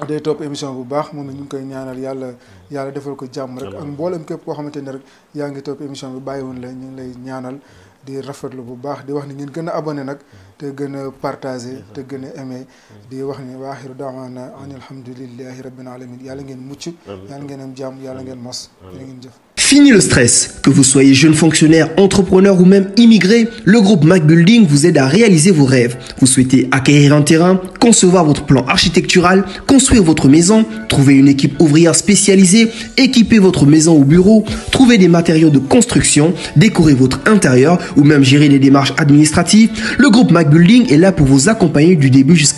day topp émission bu baax moom it ñu ngi koy ñaanal yàlla mm. yàlla defal ko jàmm rek ak mboolem képp koo xamante ne rek yaa ngi topp émission bi bàyyiwoon la ñu ngi lay ñaanal di rafetlu bu baax di wax ni ngeen gën a abone nag te gën a partagé te gën a aimé di wax ni wa axiru daawaana an alhamdulillahi rabbil alamin yàlla ngeen mucc yàlla ngeen am jàmm yàlla ngeen mos ngeen jëf Fini le stress. Que vous soyez jeune fonctionnaire, entrepreneur ou même immigré, le groupe Mac Building vous aide à réaliser vos rêves. Vous souhaitez acquérir un terrain, concevoir votre plan architectural, construire votre maison, trouver une équipe ouvrière spécialisée, équiper votre maison ou bureau, trouver des matériaux de construction, décorer votre intérieur ou même gérer les démarches administratives. Le groupe Mac Building est là pour vous accompagner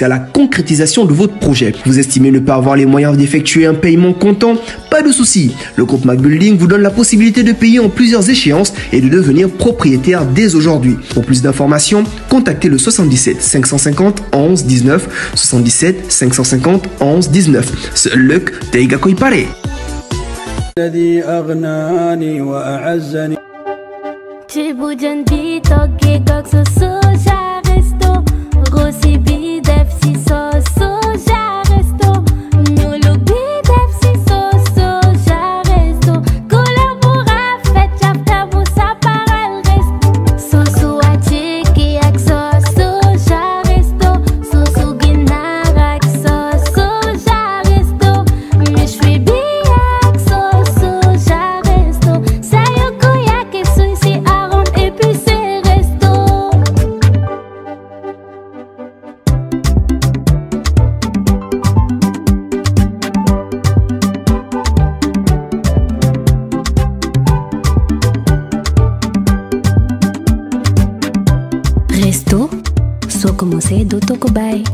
la concrétisation de votre projet. Vous estimez ne pas avoir les possibilité de payer en plusieurs échéances et de devenir propriétaire dès aujourd'hui. Pour plus d'informations, contactez le 77 550 11 19 77 550 11 19. C'est Luc Koipare. J'ai beau d'un beat, ok, gog, so, so, Kooku Baay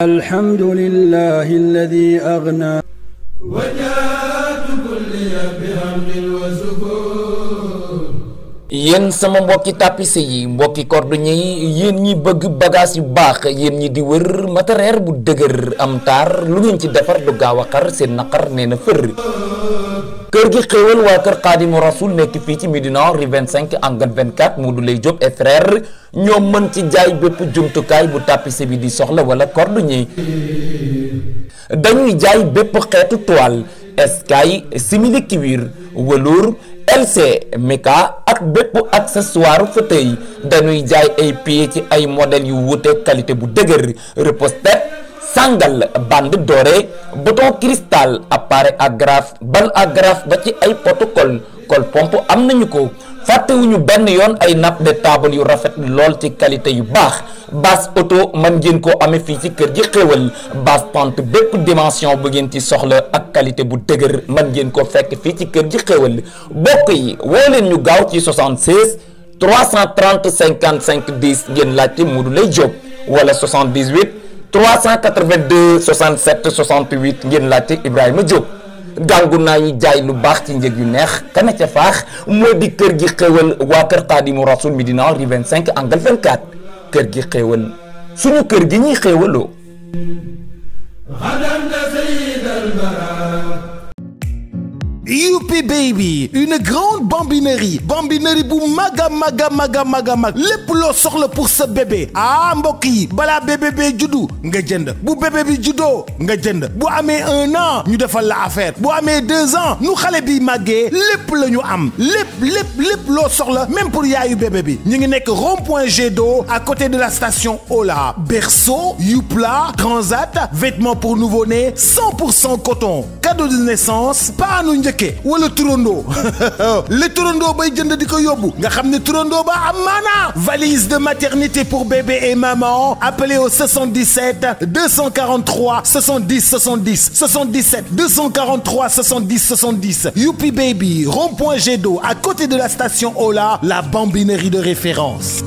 alhamdulillahi alladhi aghnaa yéen sama mbokki tapissier yi mbokki cordonnier yi yéen ñi bëgg bagage yu baax yéen ñi di wër matériel bu dëgër am taar lu ngeen ci defar du gaaw a xar seen naqar nee na kër gi xéewal waa kër xaadimu rasul nekk fii ci Médina rue 25 angle 24 Modou Lay Diop et frère ñoom mën ci jaay bépp jumtukaay bu tapissier bi di soxla wala cordonnier dañuy jaay bépp xeetu toile eskay simili cuir velours LC Meka ak bépp accessoire fauteuil dañuy jaay ay pieds ci ay modèles yu wuute qualité bu dëgër repose-tête sangal bande bouton cristal appareil agrafe bal agrafe ba ci ay protocole col pompe am nañu ko fàttewuñu benn yoon ay nappe de table yu rafet lool ci qualité yu baax base auto mën ngeen ko amee fii ci kër ji xéwal base pente bépp dimension bu ngeen ci soxla ak qualité bu dëgër mën ngeen koo fekk fii ci kër ji xéwal bokk yi woo leen ñu gaaw ci 76 330 55 10 ngeen laajte du Lay Diop wala 78 382 67 68 ngeen laajte Ibrahima Diop gàngu naa yi jaay lu baax ci njëg yu neex kana ca faax moo di kër gi xéwal waa kër Xaadimu Rasul Médina rue 25 angle 24 kër gi xéwal suñu kër gi ñuy xéwaloo. UP Baby une grande bambinerie bambinerie bu mag a mag a mag a mag a mag lépp loo soxla pour sa bébé ah mbokk yi balaa bébé bee juddu nga jënd bu bébé bi juddoo nga jënd bu amee un an ñu defal la affaire bu amee deux ans nu xale bi màggee lépp la ñu am lépp loo soxla même pour yaayu bébé bi ñu ngi nekk rond-point Jet d'eau à côté de la station Ola berceau youpla transat vêtements pour nouveau-né 100 pour cent coton cadeau de naissance paanu njëkk njëkke wala turandoo le turandoo bay jënd di ko yóbbu nga xam ne turandoo ba am maanaa valise de maternité pour bébé et maman appelez au 77 243 70 70 77 243 70 70 youpi baby rond-point jet d'eau à côté de la station Ola la bambinerie de référence